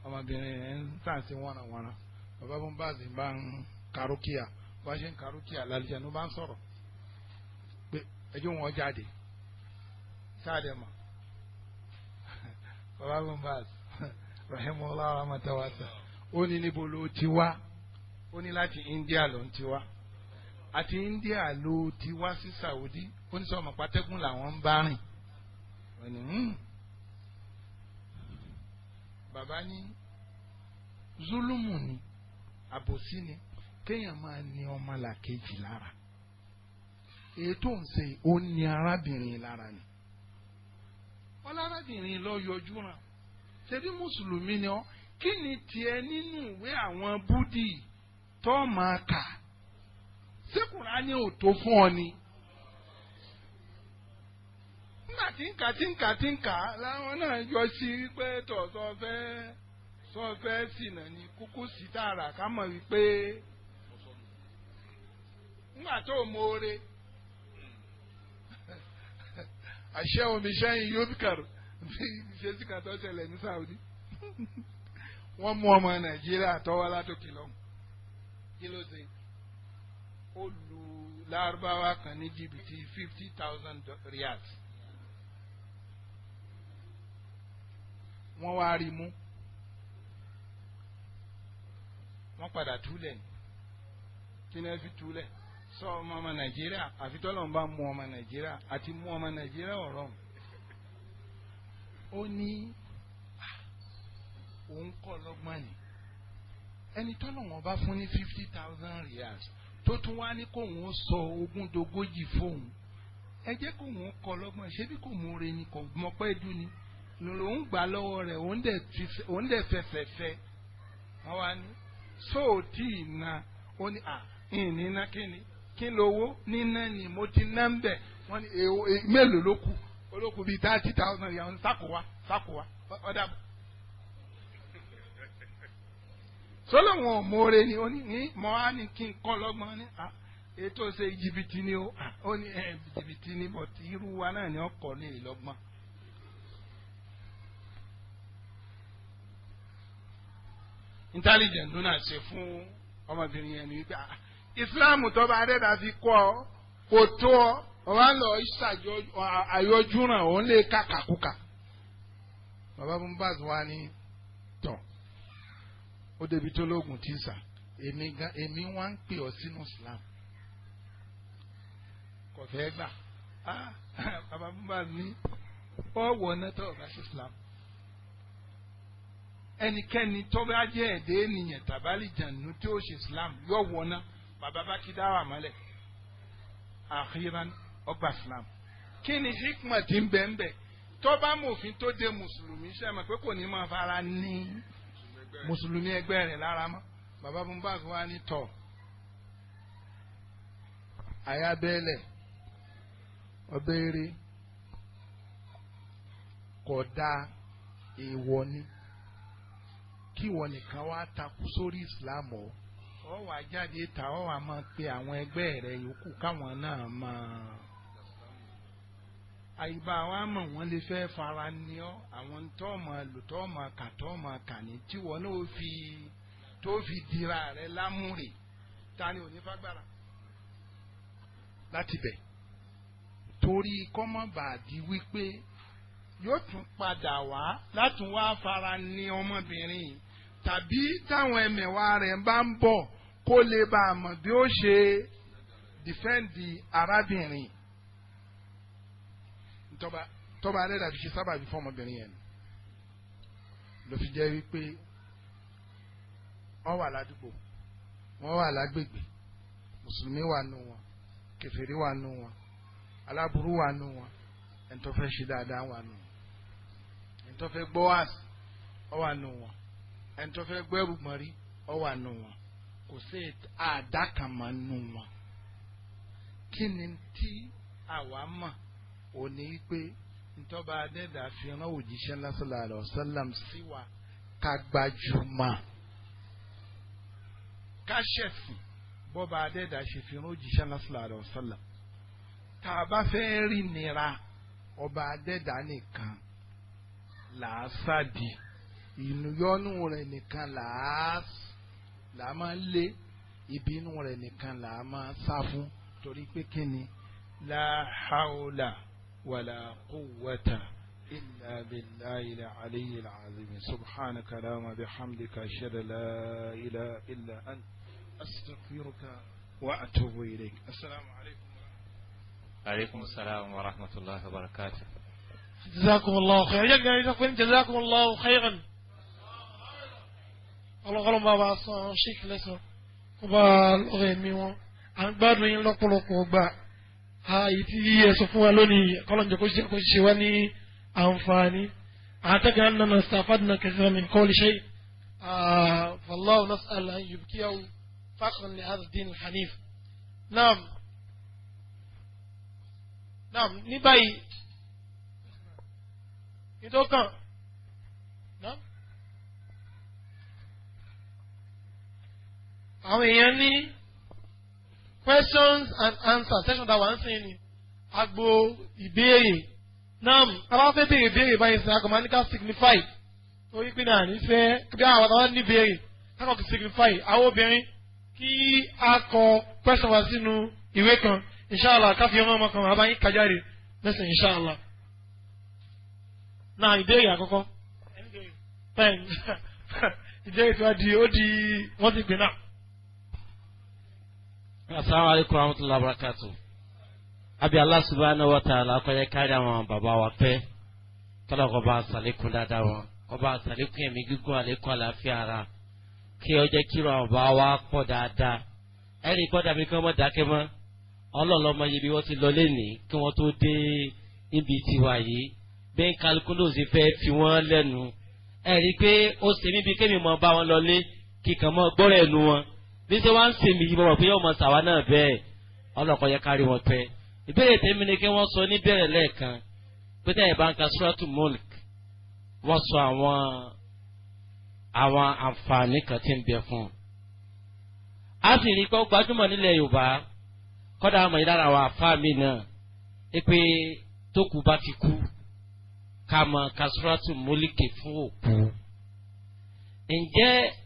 S1: ọmọbìnrin ẹ̀ ń tàǹsí wọ́nàwọ́nà bàbá bin baz bá ń karókìá bá ṣe ń karókìá lálẹ́ ní bá ń sọ̀rọ̀ pé ẹjọ́ wọn jáde sáàdé mọ̀ <laughs> bàbá bin baz <laughs> rahimahullah rahmatawasa ó ní níbo ló ti wá ó ní láti india ló ń ti wá àti India ló ti wá sí Saudi ó ní sọmọ pátẹ́gùn làwọn ń bá rìn ọ̀nì hmm. bàbá ní zulumu ni àbòsí ni kéèyàn máa ní ọmọlàkejì lára ètò ńṣe ó ní arábìnrin lára ni wọn lárábìnrin lọ yọjú ràn ṣebí mùsùlùmí ni ọ kí ni tiẹ̀ nínú ìwé àwọn búdì tó máa kà ṣé kùránì ò tó fún ọ ni nígbà tí ń kà tí ń kà tí ń kà láwọn náà yọ sí wípé tọ̀sọ̀ fẹ́ sọ fẹ́ sìnà ní kúkú sí tààrà ká mọ̀ wípé nígbà tó mọ̀ọ́re àṣẹ omi sẹ́yìn yóò fi kàrò ṣe sí kàtó ṣẹlẹ̀ ní Saudi wọ́n mú ọmọ Nàìjíríà tọ́wọ́ látòkè lọ́hùn kí ló ṣe. Olu lu lárúbáwá kan ní jìbìtì fifty thousand riyals wọ́n wá rí mú wọ́n padà túlẹ̀ ní kí ni ẹ fi túlẹ̀ sọ ọmọ ọmọ nàìjíríà àfi tọ́lọ̀ ń bá mú ọmọ nàìjíríà àti mú ọmọ nàìjíríà ọ̀rọ̀ ó ní òun kọ́ lọ́gbọ́n ni ẹni tọ́lọ̀ wọn bá fún ní fifty thousand riyals tó tún wá ní kóun ó sọ ogún dogójì fóun ẹ jẹ́ kóun kọ lọ́gbọ́n ṣé bí kò mú re ni kò mọ pẹ́ dún ni lòun gbà lọ́wọ́ rẹ̀ òun dẹ̀ fẹsẹ̀ fẹ́ wọ́n wá ní sóòtì ìna ó ní à ìnínà kíni kí lowó níná ni mo ti ná ń bẹ̀ wọ́n ní mélòó ló kù olókùn bíi thirty thousand yàrá sákòwá sákòwá ọ̀dàbọ̀. sọlọ́wọ́n òmòore ni ó ní ní mọ́ á ní kí n kọ́ lọ́gbọ́n ní à ah, ètò ṣe jìbìtì ni ó ah, ó ní eh, jìbìtì ni irú náà ni ní intelligent fún ọmọbìnrin yẹn ah, tọba kọ kò ọ ọba ń lọ àyọjú ràn òun lè bàbá bùnbàz wa ni ó débi tó lóògùn tí ń sà èmi gan èmi wá ń pè ọ́ sínú Islam kò fẹ́ gbà á ah, ah, bàbá bàbá mi ọ wọ ọ̀nà tó ọ̀gá sí Islam ẹnikẹ́ni tó bá jẹ́ ẹ̀dẹ́ ènìyàn tàbálì jàǹdù tí ó ṣe Islam yọ wọ ọ̀nà bàbá bá kí dáwà mọ́lẹ̀ àkíyàn ọgbà Islam kí ni hikma ń bẹ́ẹ̀ bẹ́ẹ̀ tó mòfin tó de mùsùlùmí sẹ́mi pé kò ní máa fara ní mùsùlùmí ẹgbẹ́ rẹ̀ lára mọ́ bàbá bumbag wa ní tọ̀ àyàbẹ́lẹ̀ ọbẹ̀ eré kódà ni kí ìwọ nìkan wá takú sórí Islam o ọ wà jáde ta ọ wà máa pe àwọn ẹgbẹ́ rẹ yòókù káwọn náà máa àyíbá wa mọ̀ wọ́n lè fẹ́ fara ní ọ́ àwọn tó mọ̀ lò tó mọ̀ kà tó mọ̀ kà ní tí wọ́n náà fi tó fi dira rẹ̀ lámúre ta ni òní fagbára láti bẹ̀ torí kọ́mọ́bà di wípé yóò tún padà wá láti wá fara ní ọmọbìnrin tàbí táwọn ẹ̀mẹ̀wá rẹ̀ bá ń bọ̀ kó lè bá a mọ̀ bí ó ṣe dìfẹ́ǹdì arábìnrin tọ́ba tọ́ba arẹ́dà fi ṣe sábàbí fún ọmọbìnrin yẹn ló fi jẹ́ wípé wọ́n wà ládùúgbò wọ́n wà lágbègbè mùsùlùmí wà nù wọn kèfèrí wà nù wọn aláburú wà nù wọn ẹni tó fẹ́ ṣe dáadáa wà nù wọn ẹni tó fẹ́ gbọ́ wáàsì ọ wà nù wọn ẹni tó fẹ́ ọ wà nù wọn kò sí àdá nù wọn kí ni tí àwa mọ̀ òní pé ntọ́ba adẹ́dà fi rán òjíṣẹ́ lásìlá àlọ́ sálàm sí wa ká gbajúmọ̀ ká ṣẹ̀sìn bọ́ba adẹ́dà ṣe fi rán òjíṣẹ́ lásìlá àlọ́ sálàm tá a bá fẹ́ rí nira ọba adẹ́dà nìkan làásàdì ìnúyọ́nú rẹ̀ nìkan làá máa lé ìbínú rẹ̀ nìkan làá sá fún torí pé kí ni láhàólà. La ولا قوة إلا بالله العلي العظيم سبحانك لا بحمدك أشهد لا إله إلا أنت
S3: أستغفرك
S1: وأتوب إليك السلام عليكم عليكم
S2: السلام ورحمة الله وبركاته
S3: جزاكم الله خيرا جزاكم الله خيرا الله bá بابا ṣíkìlẹ́sọ̀ kó bá lọ́rẹ̀ mi wọn à ń gbádùn èyí tí ẹ sọ fún wa lónìí kọ́lọ́njẹ kó ṣe kó ṣe wá ní àǹfààní àtẹ́gà nana sàfàdùnà kẹsàn-án mi kọ́ lè ṣe fàlọ́ọ̀ nasàlá yubkiyahu fàkàn ní adìdín hanif. naam naam ní báyìí ìdókàn naam àwọn èèyàn ní. questions and answers section that a wà ń sìn ni agbo ìbéèrè náà àbá fẹ́ béèrè béèrè báyìí sìn àgọ́ manica signify torí pé náà nífẹ̀ẹ́ bí àwọn àtàwọn ní béèrè kákọ̀ kì signify àwọn obìnrin kí akọ kọ question wa sínú ìwé kan inshallah káfí ọmọ ọmọ kan àbáyé kájáre lẹ́sìn inshallah náà ìbéèrè àkọ́kọ́ <laughs> ìbéèrè tí wàá di ó di wọ́n ti gbé náà.
S2: asalaamu alaykum wa rahmatulahi wa barakatu. abi Allah subhanahu wa ta'ala kó jẹ́ kárí àwọn bàbá wa pẹ́ kọ́lá kó bá àsàlékún dáadáa wọn kó bá àsàlékún ẹ̀mí gígùn àlékún àlàáfíà ara kí ó jẹ́ kírun àwọn bàbá wa pọ̀ dáadáa ẹ̀rí kọ́ dàbí kí wọ́n mọ̀ dákẹ́ mọ́ ọlọ́lọ́mọ yìí bí wọ́n ti lọ lẹ́nìí kí wọ́n tó dé ibi tiwa yìí bẹ́ẹ̀ kálukúlù sì fẹ́ fi wọ́n lẹ́nu ẹ̀rí pé ó ṣe mí kémi mọ̀ bá wọn lọlé kíkàn mọ́ gbọ́rọ̀ ẹ̀nu wọn bí ṣe wá ń sè mí yìí bọ̀ pé ọmọ sàwa náà bẹ́ẹ̀ ọlọ́kọ̀ yẹ kárí wọn pẹ́ ìbéèrè tèmi ni kí wọ́n sọ níbẹ̀rẹ̀ lẹ́ẹ̀kan pé tẹ̀yìn bá ń ka suratu mulk wọ́n sọ àwọn àwọn àǹfààní kan tí ń bẹ fún un. a sì rí i pé ó gbajúmọ̀ nílẹ̀ yorùbá kọ́dà àmọ̀ yìí lára àwọn àfáà náà é pé tókù bá ti kú ká mọ ka suratu mulk fún òkú. ǹjẹ́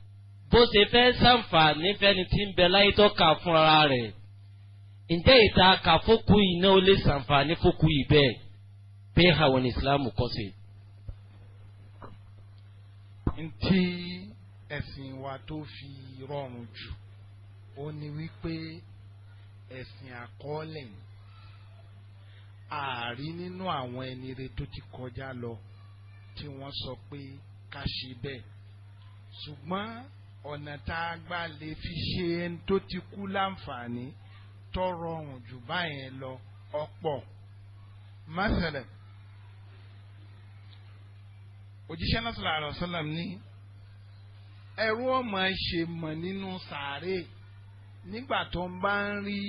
S2: bó ṣe fẹ́ ṣàǹfààní fẹ́ni tí ń bẹ láyé tó kà fún ara rẹ̀ ǹjẹ́ ìta kà fókù iná ó lè ṣàǹfààní fókù yìí bẹ́ẹ̀ bẹ́ẹ̀ àwọn ìsìláàmù kọ́ sí.
S1: ntí ẹ̀sìn wa tó fi rọrùn jù ó ní wípé ẹ̀sìn àkọọ́lẹ̀ ni ààrí nínú àwọn ẹni rẹ tó ti kọjá lọ tí wọ́n sọ pé ká ṣe bẹ́ẹ̀ ṣùgbọ́n ọ̀nà tá a gbà lè fi ṣe ẹni tó ti kú láǹfààní tó rọrùn jù báyẹn lọ ọ̀pọ̀ mọ́sẹ̀lẹ̀ òjíṣẹ́ náà sallallahu alaihi wasallam ní ẹrú ọmọ ṣe mọ̀ nínú sàárè nígbà tó ń bá ń rí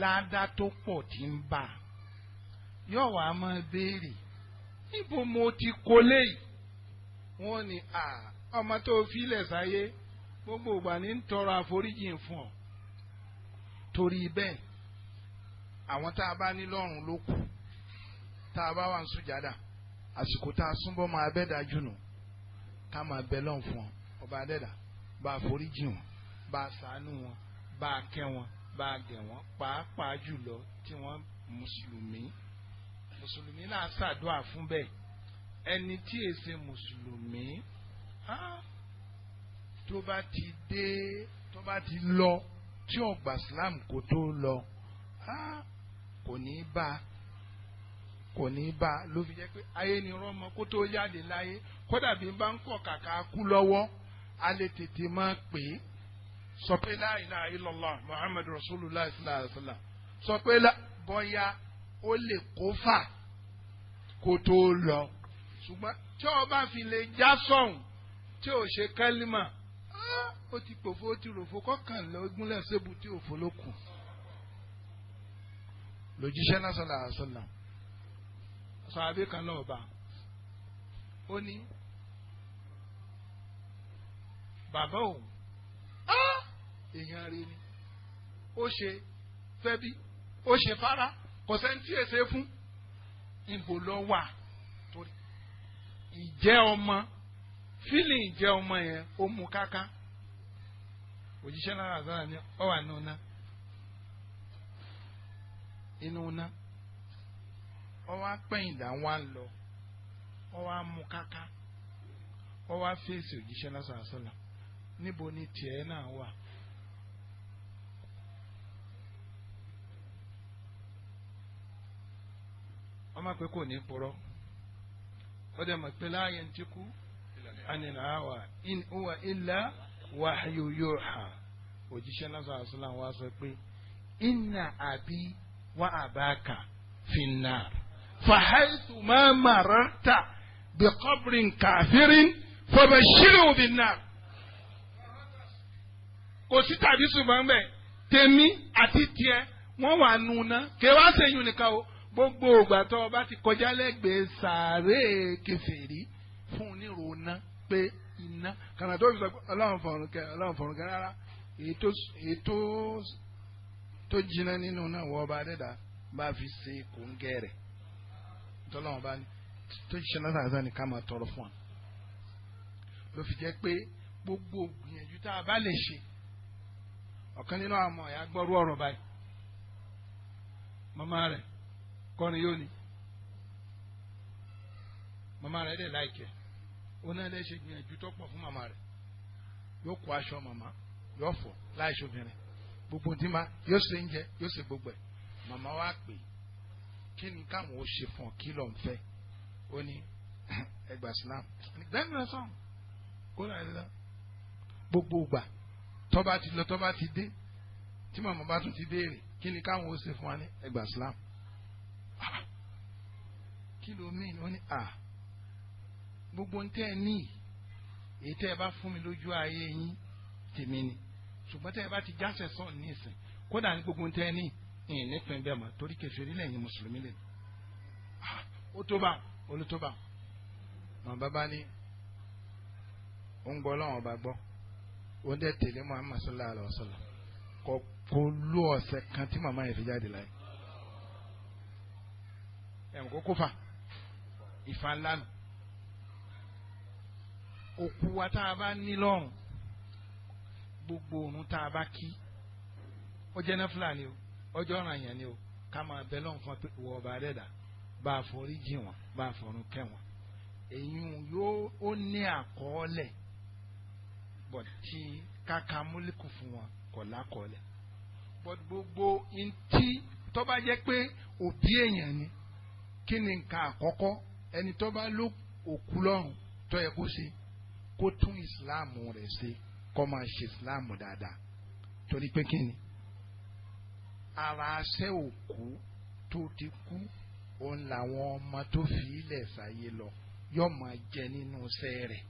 S1: ládá tó pọ̀ tí ń bà yóò wá máa béèrè níbo mo ti kólé yìí wọ́n ní ọmọ tó fi ilẹ̀ sáyé gbogbo ìgbà ní ń tọrọ àforíjìn fún ọ torí bẹ́ẹ̀ àwọn tá a bá ní lọ́rùn ló kù tá a bá wà ń sùjádà àsìkò tá a súnbọ́ máa bẹ́ dájú nù ká máa bẹ lọ́n fún ọ ọba adẹ́dà bá a foríjìn wọn bá a ṣàánú wọn bá a wọn bá a wọn pàápàá jùlọ tí wọ́n mùsùlùmí mùsùlùmí náà ṣàdúrà fún bẹ́ẹ̀ ẹni tí èsè mùsùlùmí. Ah, tó bá ti dé tó bá ti lọ tí ò gbà islam kó tó lọ kò ní bá kò ní bá ló fi jẹ́ pé ayé ni rọ́mọ kó tó jáde láyé kódà bí n bá ń kọ̀ kàkà kú lọ́wọ́ a lè tètè máa pè é sọ pé la ilaha illallah muhammadu rasulullah sallallahu alaihi wasallam sọ pé bọ́yá ó lè kó fà kó tó lọ ṣùgbọ́n tí o fi lè já sọ̀hún tí o ṣe kálímà ó ti pòfo ó ti ròfo kọkànlá ogúnlẹ̀ sébù tí òfo ló kù lójíṣẹ́ náà sọ̀lá àṣọlá sọ abẹ́ kan náà bá ó ní bàbá òun èèyàn rí ni ó ṣe fẹ́bí ó ṣe fara kò sẹ́ńtì èsè fún ìbò lọ wà torí ìjẹ́ ọmọ fílì ìjẹ́ ọmọ yẹn ó mú káká òjíṣẹ́ lára àzọ́ra ni ọ wà nínú ná inú ná ọ wá pẹ̀yìndà wá ń lọ ọ wá mú káká ọ wá fèsì òjíṣẹ́ lásán àsọ̀là níbo ni tiẹ̀ náà wà. ọmọ in illa. wáyú yóò hà òjíṣẹ́ náà sọ̀rọ̀ sọ́lá wa sọ pé inna àbí wa àbáka finnar fàhàìsù máa mararta bí kọ́bìrín kàfírín fọbẹ̀ṣírí òbí náà kò sí tàbí ṣùgbọ́n bẹ́ẹ̀ tèmi àti tiẹ̀ wọ́n wà nù ná kí wá sẹ́yìn nìkan o gbogbo ògbà tó o bá ti kọjá lẹ́gbẹ̀ẹ́ sàárè kẹfẹ́rí fún un ní ròóná pé iná kànáà tó fi sọ pé ọlọ́run fọ̀rùn kẹ ọlọ́run fọ̀rùn kẹ rárá ètò tó jiná nínú náà wọ́n ọba adẹ́dà bá fi ṣe kòńgẹ́ rẹ̀ tọ́lọ́run bá ní tó ṣiṣẹ́ náà sàǹsàn ní ká máa tọrọ fún wa ló fi jẹ́ pé gbogbo gbìyànjú tá a bá lè ṣe ọ̀kan nínú àwọn ọmọ ìyá gbọ́rú ọ̀rọ̀ báyìí màmá rẹ̀ kọrin yóò ní màmá rẹ̀ dẹ̀ láìkẹ́. Like òun náà lè ṣe gbìyànjú tó pọ̀ fún màmá rẹ̀ yóò kó aṣọ màmá yóò fọ̀ láìṣe obìnrin gbogbo tí ma yóò ṣe ń jẹ yóò ṣe gbogbo ẹ̀ màmá wa pè kí ni káwọn ò ṣe fún ọ kí ló ń fẹ́ ó ní ẹgbà sílámù gbẹ́nu rẹ sọ̀rọ̀ kó rà lọ gbogbo ìgbà tọ́ba ti lọ tọ́ba ti dé tí màmá bá tún ti béèrè kí ni káwọn ò ṣe fún wa ní ẹgbà sílámù ah! kí ló mìíràn ó ní Ah gbogbo ń tẹ́ ẹ ní èyí tẹ́ ẹ bá fún mi lójú ayé yín tèmi ni ṣùgbọ́n tẹ́ ẹ bá ti jáṣẹ̀ sàn ní ìsìn kódà ní gbogbo ń tẹ́ ẹ ní ìyìn nípìn bẹ́ẹ̀ mọ̀ torí kẹfìrí lẹ́yìn mùsùlùmí lè ah, ó tó bá olùtó bá àwọn bàbá ní ó ń gbọ́ ọlọ́run ọba gbọ́ ó ń dẹ́ tẹ̀lé Muhammad sallallahu alaihi wasallam kọ́ kó lú ọ̀sẹ̀ kan tí màmá yẹn fi jáde láyé ẹ̀ ń kó kófà ìfà ńlá nù òkú wa tá a bá ní lọ́rùn gbogbo òrùn tá a bá kí ó jẹ́ ní fúlàní o ọjọ́ ọ̀ràn yẹn ni o ká máa bẹ lọ́n kan pé ìwọ ọba adẹ́dà bá a forí jì wọ́n bá a fọ̀run kẹ́ wọ́n èyí yóò ó ní àkọọ́lẹ̀ bọ̀ tí káka múlíkù fún wọn kò lákọọ́lẹ̀ bọ̀ gbogbo ntí tó bá jẹ́ pé òbí èèyàn ni kí ni nǹkan àkọ́kọ́ ẹni tó bá ló òkú lọ́rùn tó yẹ kó ṣe kó tún ìsìláàmù rẹ̀ ṣe kó máa ṣe ìsìláàmù dáadáa torí pé kí ni ara aṣẹ́ òkú tó ti kú òun làwọn ọmọ tó fi ilẹ̀ sáyé lọ yóò máa jẹ nínú iṣẹ́ rẹ̀.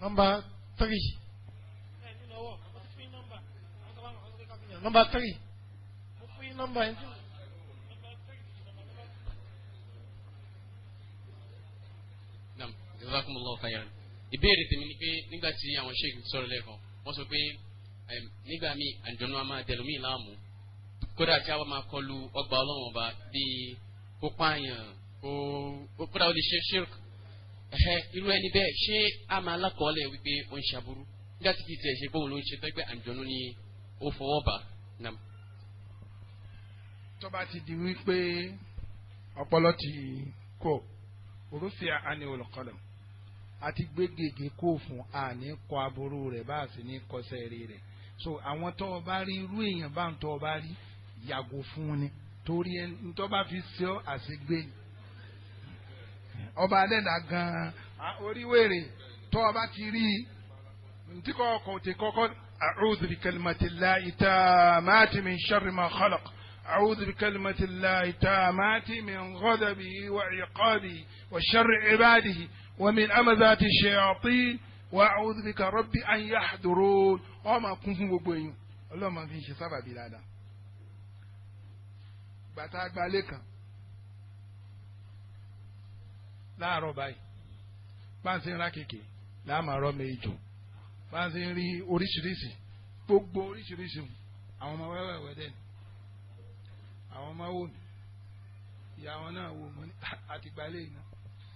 S3: Number three. Number three.
S2: jazakumullahu khairan ìbéèrè tèmi ni pé nígbà tí àwọn sheik sọ̀rọ̀ lẹ́ẹ̀kan wọ́n sọ pé nígbà míì àjọ̀nú àmà dẹ̀lómì láàmú kódà tí àwọn máa kọlu ọgbà ọlọ́wọ́n ọba bíi kó pààyàn kó kódà ó lè ṣe shirk ẹ̀hẹ́ irú ẹni bẹ́ẹ̀ ṣé a máa lákọọ́lẹ̀ wípé ó ń ṣàbúrú nígbà tí kìí tiẹ̀ ṣe bóun ló ń ṣe tẹ́gbẹ́ àjọ̀nú ni ó fọwọ́ bà nam.
S1: tó bá ti di wípé ọpọlọ ti kó orúfin àní olùkọlọ àti gbégege kó fún àní kọ aburú rẹ̀ bá a sì ní kọsẹ̀ rí rẹ̀ so àwọn tó o bá rí irú èèyàn bá ń tó o bá rí yàgò fún ni torí ẹ tó bá fi ṣe ọ àṣegbè ọba adẹ́dà gan-an oríwèrè tó o bá ti rí ntí kò kò tí kọ́kọ́ a'udhu bi kalimatillahi tammati min sharri ma khalaq. أعوذ بكلمة الله تامات من غضبه وعقابه وشر عباده ومن أمذات الشياطين وأعوذ بك رب أن يحضرون وما كنتم بقوين الله ما فيش سبب بلادا باتاك بالك لا رباي بانسين راكيكي لا ما رمي جو bá ń ṣe rí oríṣiríṣi gbogbo oríṣiríṣi àwọn ọmọ wẹ́wẹ́wẹ́ dẹ́nu àwọn ọmọ wò mí ìyá wọn náà wò mọ ní àtìgbà ah, lè ná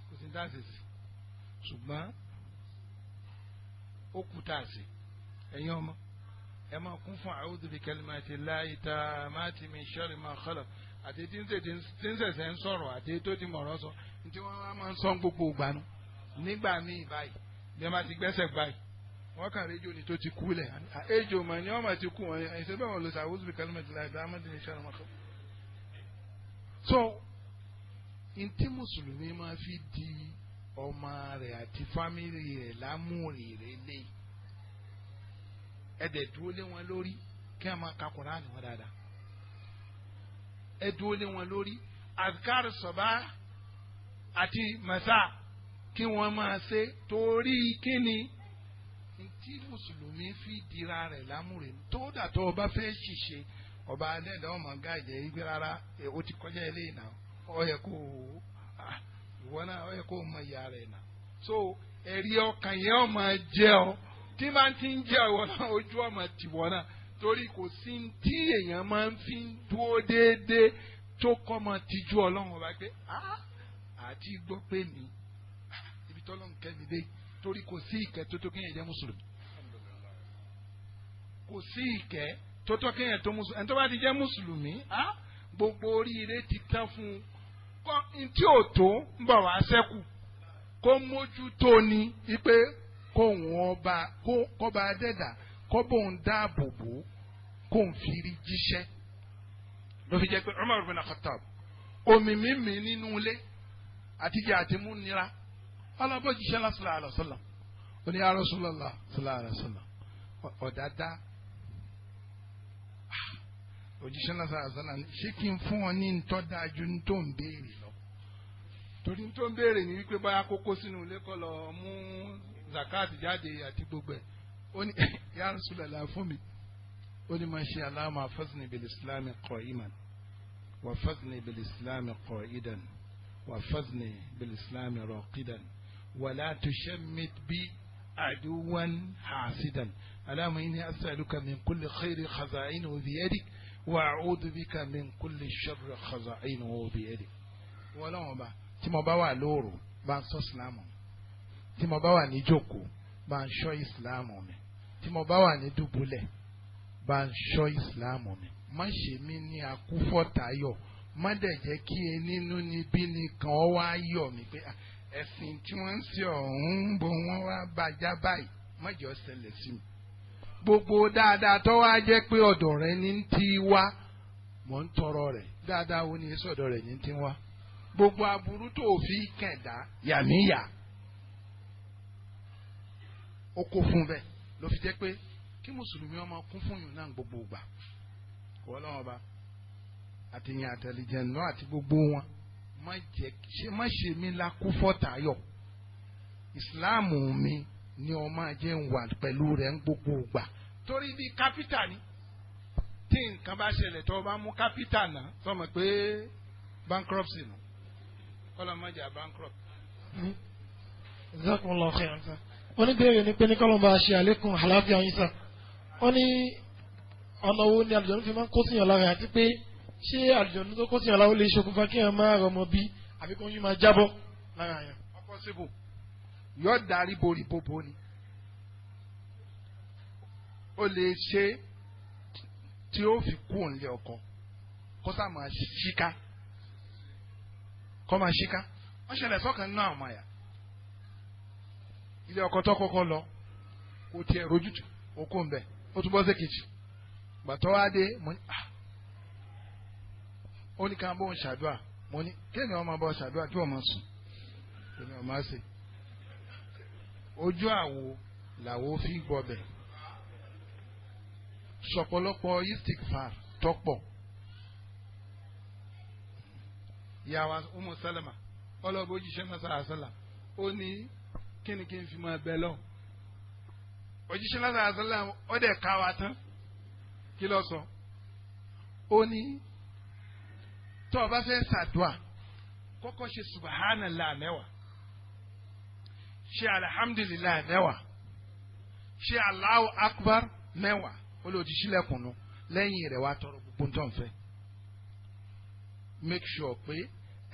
S1: kò sí dáàsìsì ṣùgbọ́n ó kú tààsì ẹ̀yin ọmọ ẹ máa kún fún a'udhu bi kalimati llahi tammati min sharri ma khalaq àti tí ń sẹ̀sẹ̀ ń sọ̀rọ̀ àti tó ti mọ̀rọ̀ sọ ní tí wọ́n máa ń sọ gbogbo ìgbàanu nígbà míì báyìí bí wọ́n ti gbẹ́sẹ̀ báyìí wọ́n kàn rédíò ni tó ti kú lẹ̀ àjò mọ̀ ni wọ́n máa ti kú wọn ẹ̀sẹ̀ bẹ́ẹ̀ wọ́n lọ sí a'udhu bi kalimati llahi tammati min sharri ma so ntí mùsùlùmí máa fi di ọmọ rẹ̀ àti fámìlì rẹ̀ lámúrèrè lé ẹ̀dẹ̀ dúró lé wọn lórí kí wọ́n máa ka Kùránì wọn dáadáa ẹ dúró lé wọn lórí àdìkárì sọ̀bá àti mẹ́sà kí wọ́n máa ṣe torí kíni ntí mùsùlùmí fi dira rẹ̀ lámúrèrè tó dàtọ̀ ọba fẹ́ ṣiṣẹ́ ọba adẹ́dàá ọmọ gáàjẹ igbe rárá ó ti kọjá eléyìí náà ó yẹ kó ìwọ náà ó kó mọ ìyá rẹ̀ náà so ẹ̀rí ọkàn yẹn ọmọ jẹ́ ọ tí máa ti ń jẹ́ ìwọ náà ojú ọmọ tìwọ náà torí kò sí tí èèyàn máa ń fi dúró déédéé tó kọ́ mọ tijú ọlọ́run ọba pé àti gbọ́ pé mi ibi tọ́lọ́run kẹ́mi dé torí kò sí ìkẹ́ tó tó kéèyàn jẹ́ mùsùlùmí kò sí ìkẹ́. tó tọ́ kéèyàn tó mùsùlùmí ẹni tó bá ti mùsùlùmí gbogbo oríire ti tán fún un kọ́ ò tó ń bọ̀ wá sẹ́kù kó mójútó ni wípé kó wọn bá kó bá dẹ́dà kó bóun dáàbò bò kó n jíṣẹ́ ló fi jẹ́ pé Umar omi mímì nínú ilé àtijọ́ òjíṣẹ́ náà sára sọ́nà ṣé kí n fún ọ ní ntọ́da ju tó ń béèrè lọ. torí tó ń béèrè ni wípé báyà kókó sínú ilé kọ́ lọ mú zakat jáde àti gbogbo ẹ̀ ó ní ya Rasulullah fún mi ó ní máa ṣe Allahumma fazni bil islami qa'iman wa fazni bil islami qa'idan wa fazni bil islami raqidan wa la tushammit bi aduwan hasidan Allahumma inni as'aluka min kulli khairin khaza'inu bi yadik wa'udhu bika min kulli sharri khaza'inu bi yadi wọ́n lọ́wọ́n bá tí mo bá wà lóòrò bá ń sọ ìsìláàmù mi tí mo bá wà ní jókòó bá ń sọ ìsìláàmù mi tí mo bá wà ní dùbúlẹ̀ bá ń sọ ìsìláàmù mi má ṣe mí ní akúfọ̀ tayọ̀ má dẹ̀ jẹ́ kí nínú níbí nìkan ọ wá yọ̀ mí pé ẹ̀sìn tí wọ́n ń ṣe ọ̀hún ń bo wọ́n wá bàjá báyìí má jẹ́ ṣẹlẹ̀ sí mi. gbogbo dáadáa tó wá jẹ́ pé ọ̀dọ̀ rẹ ní ti wá mọ̀ ń tọrọ rẹ̀ dáadáa wo ni èso ọ̀dọ̀ rẹ̀ ní ti wá gbogbo aburú tó fi kẹ̀dá yàmíyà ó kó fún bẹ́ẹ̀ ló fi jẹ́ pé kí mùsùlùmí ọmọ kún fún yìí náà gbogbo gbà kọ́ ọlọ́wọ́n ba àtìyàn àtẹlẹjẹun náà àti gbogbo wọn má jẹ́ má ṣe mí lakú fọ́tàyọ̀ ìsìláàmù mi ni ọmọ ajé ń wà pẹ̀lú rẹ̀ ń gbogbo ìgbà torí bí kápítà ni tí nǹkan bá ṣẹlẹ̀ tó bá mú kápítà náà sọmọ pé bankruptcy nù kọlọmọjà bankrupt.
S3: Hmm. jazakumullahu khairan sa oníbèrè ni pé ní kọlọmọba ṣe àlékún àlàáfíà yín sà wọ́n ní ọ̀nà wo ni àlùjọ́nù fi máa ń kó síyàn lára àti pé ṣé àlùjọ́nù tó kó síyàn lára ó lè ṣokùnfà kí èèyàn máa rọmọ bí àbí yín máa jábọ́ lára yẹn yóò
S1: darí borí bobo ni ó lè ṣe tí ó fi kú òǹlé ọkọ kó sá máa ṣíká kó máa ṣíká wọ́n ṣẹlẹ̀ sọ́kàn nínú àwọn àyà ilé ọkọ tó kọ́kọ́ lọ kò tiẹ̀ rojútu okó ńbẹ ó tún bọ́ sékejì gbàtọ́ wá mo ní ah! ó ní ká bóun ṣàdúrà mo ní kéèyàn ọmọ bọ́ ṣàdúrà tí wọ́n máa sùn kéèyàn ọmọ á ojú àwo làwo fi gbọbẹ̀ sọ̀pọ̀lọpọ̀ istikfar tọ́pọ̀ yàwá umu salama ọlọ́bù ojíṣẹ́ masara salama ó ní kíni kí n fi máa bẹ lọ ojíṣẹ́ masara salama ó dẹ̀ ká wa tán kí ló sọ ó ní tó o bá fẹ́ ṣàdúà kọ́kọ́ ṣe subahánà làmẹ́wàá ṣe alihamdulilayi mẹ́wàá ṣe Allahu akbar mẹ́wàá ó lè òjijì lẹ́kùnún lẹ́yìn rẹ̀ wá tọrọ gbogbo ń tàn fẹ́. make sure pé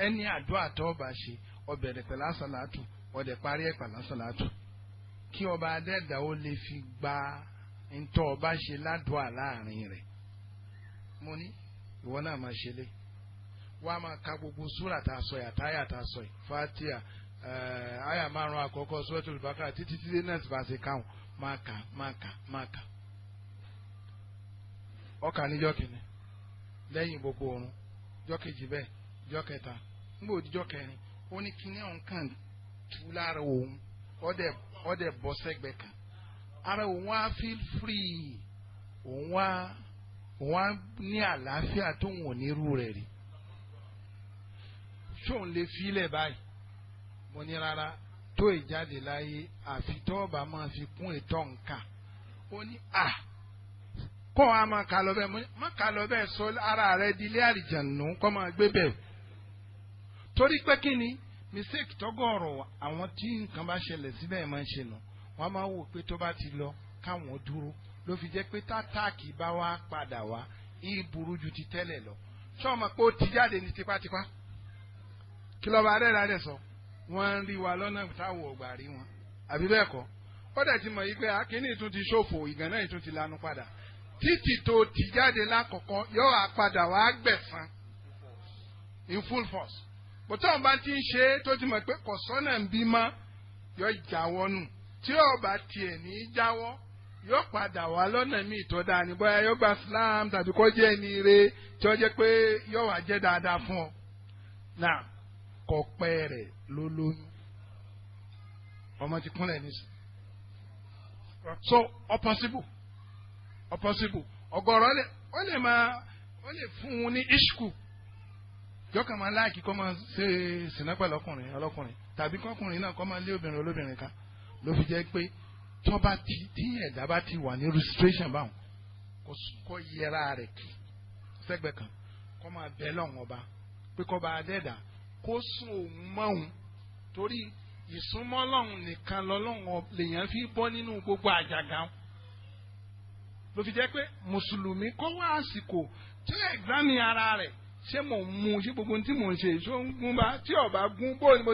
S1: ẹni àdúrà tó bá ṣe ó bẹ̀rẹ̀ pẹ̀lú àsàlátù ó dẹ̀ parí ẹ̀ pẹ̀lú àsàlátù kí ọba adẹ́dà ó lè fi gba ntọ́ ọba ṣe ládùúà láàrin rẹ̀ mo ní ìwọ náà máa ṣe lé wàá máa ka gbogbo súrà tá a sọ yàtá yàtá sọ yìí fàtíà àyà márùn àkọ́kọ́ sọ́ọ́tù ìbákàrà títí tí nẹ́ẹ̀sì bá ṣe káwọn máa kà máa kà Ọ ka ọkà níjọ́ gbogbo oorun jọ́ kejì bẹ́ẹ̀ jọ́ kẹta nígbà òdìjọ́ kẹrin ó ní kíní ọ̀hún kàn tú feel free òun ní àlàáfíà tóun mo ní rárá tó ìjáde láyé àfi tọ́ọ̀bà máa fi kún ètò nǹkan ó ní à kó wa máa kà lọ bẹ́ẹ̀ má kà lọ bẹ́ẹ̀ sọ ara rẹ di ilé àlìjànù kó máa gbé bẹ́ẹ̀ torí pé kí ni mistake tọ́gọ̀rọ̀ àwọn tí nǹkan bá ṣẹlẹ̀ síbẹ̀ máa ń ṣe nù wọ́n máa wò pé tó bá ti lọ káwọn dúró ló fi jẹ́ pé tátàkì bá wá padà wá yìí burú ju ti tẹ́lẹ̀ lọ ṣọ́ọ̀mọ̀ pé ó ti jáde ní tipátipá kí lọ́ba rẹ̀ rẹ̀ sọ. So wọ́n ń rí wa lọ́nà táwọn ò gbà rí wọn àbí bẹ́ẹ̀ kọ́ ó dẹ̀ ti mọ̀ yí pé akínní tún ti ṣòfò ìgànnà yìí tún ti lanu padà títì tó ti jáde lákọ̀ọ́kọ́ yóò wá padà wá gbẹ̀san in full force bó tóun bá ti ń ṣe é tó ti mọ̀ pé kò sọ́nà ń bí mọ́ yóò jáwọ́ nù tí ọba bá tiẹ̀ ní í jáwọ́ yóò padà wá lọ́nà míì tó dáa ní bóyá yóò gba Islam tàbí kó jẹ́ ẹni ire tí ó jẹ́ pé yóò wá jẹ́ dáadáa fún ọ. náà kọ pẹ́ rẹ̀ ló lóyún ọmọ ti kúnlẹ̀ nísìn so ọpọsibù ọpọsibù ọ̀gọ̀rọ̀ ó lè máa ó lè fún un ní ishku yọkàn máa láàkì kọ́ máa ṣe sìnápẹ̀ lọ́kùnrin ọlọ́kùnrin tàbí kọ́kùnrin náà kọ́ máa lé obìnrin olóbìnrin kan ló fi jẹ́ pé tọ́ba ti tí ẹ̀dá bá ti wà ní registration báwọn kó yẹra rẹ̀ kì sẹ́gbẹ̀ẹ́ kan kọ́ máa bẹ̀ lọ́wọ́n ọba pé kọ́ bá dẹ́dàá kó sùn òun mọ́hun torí ìsúnmọ́ ọlọ́run nìkan lọ́lọ́run lèèyàn fi bọ́ nínú gbogbo àjàgà ló fi jẹ́ pé mùsùlùmí kọ́ wá àsìkò tí ẹ̀gbọ́n mi ara rẹ̀ ṣé mò ń mu ṣé gbogbo ohun tí mò ń ṣe ṣó ń gún bá tí ọba gún bó ni mo.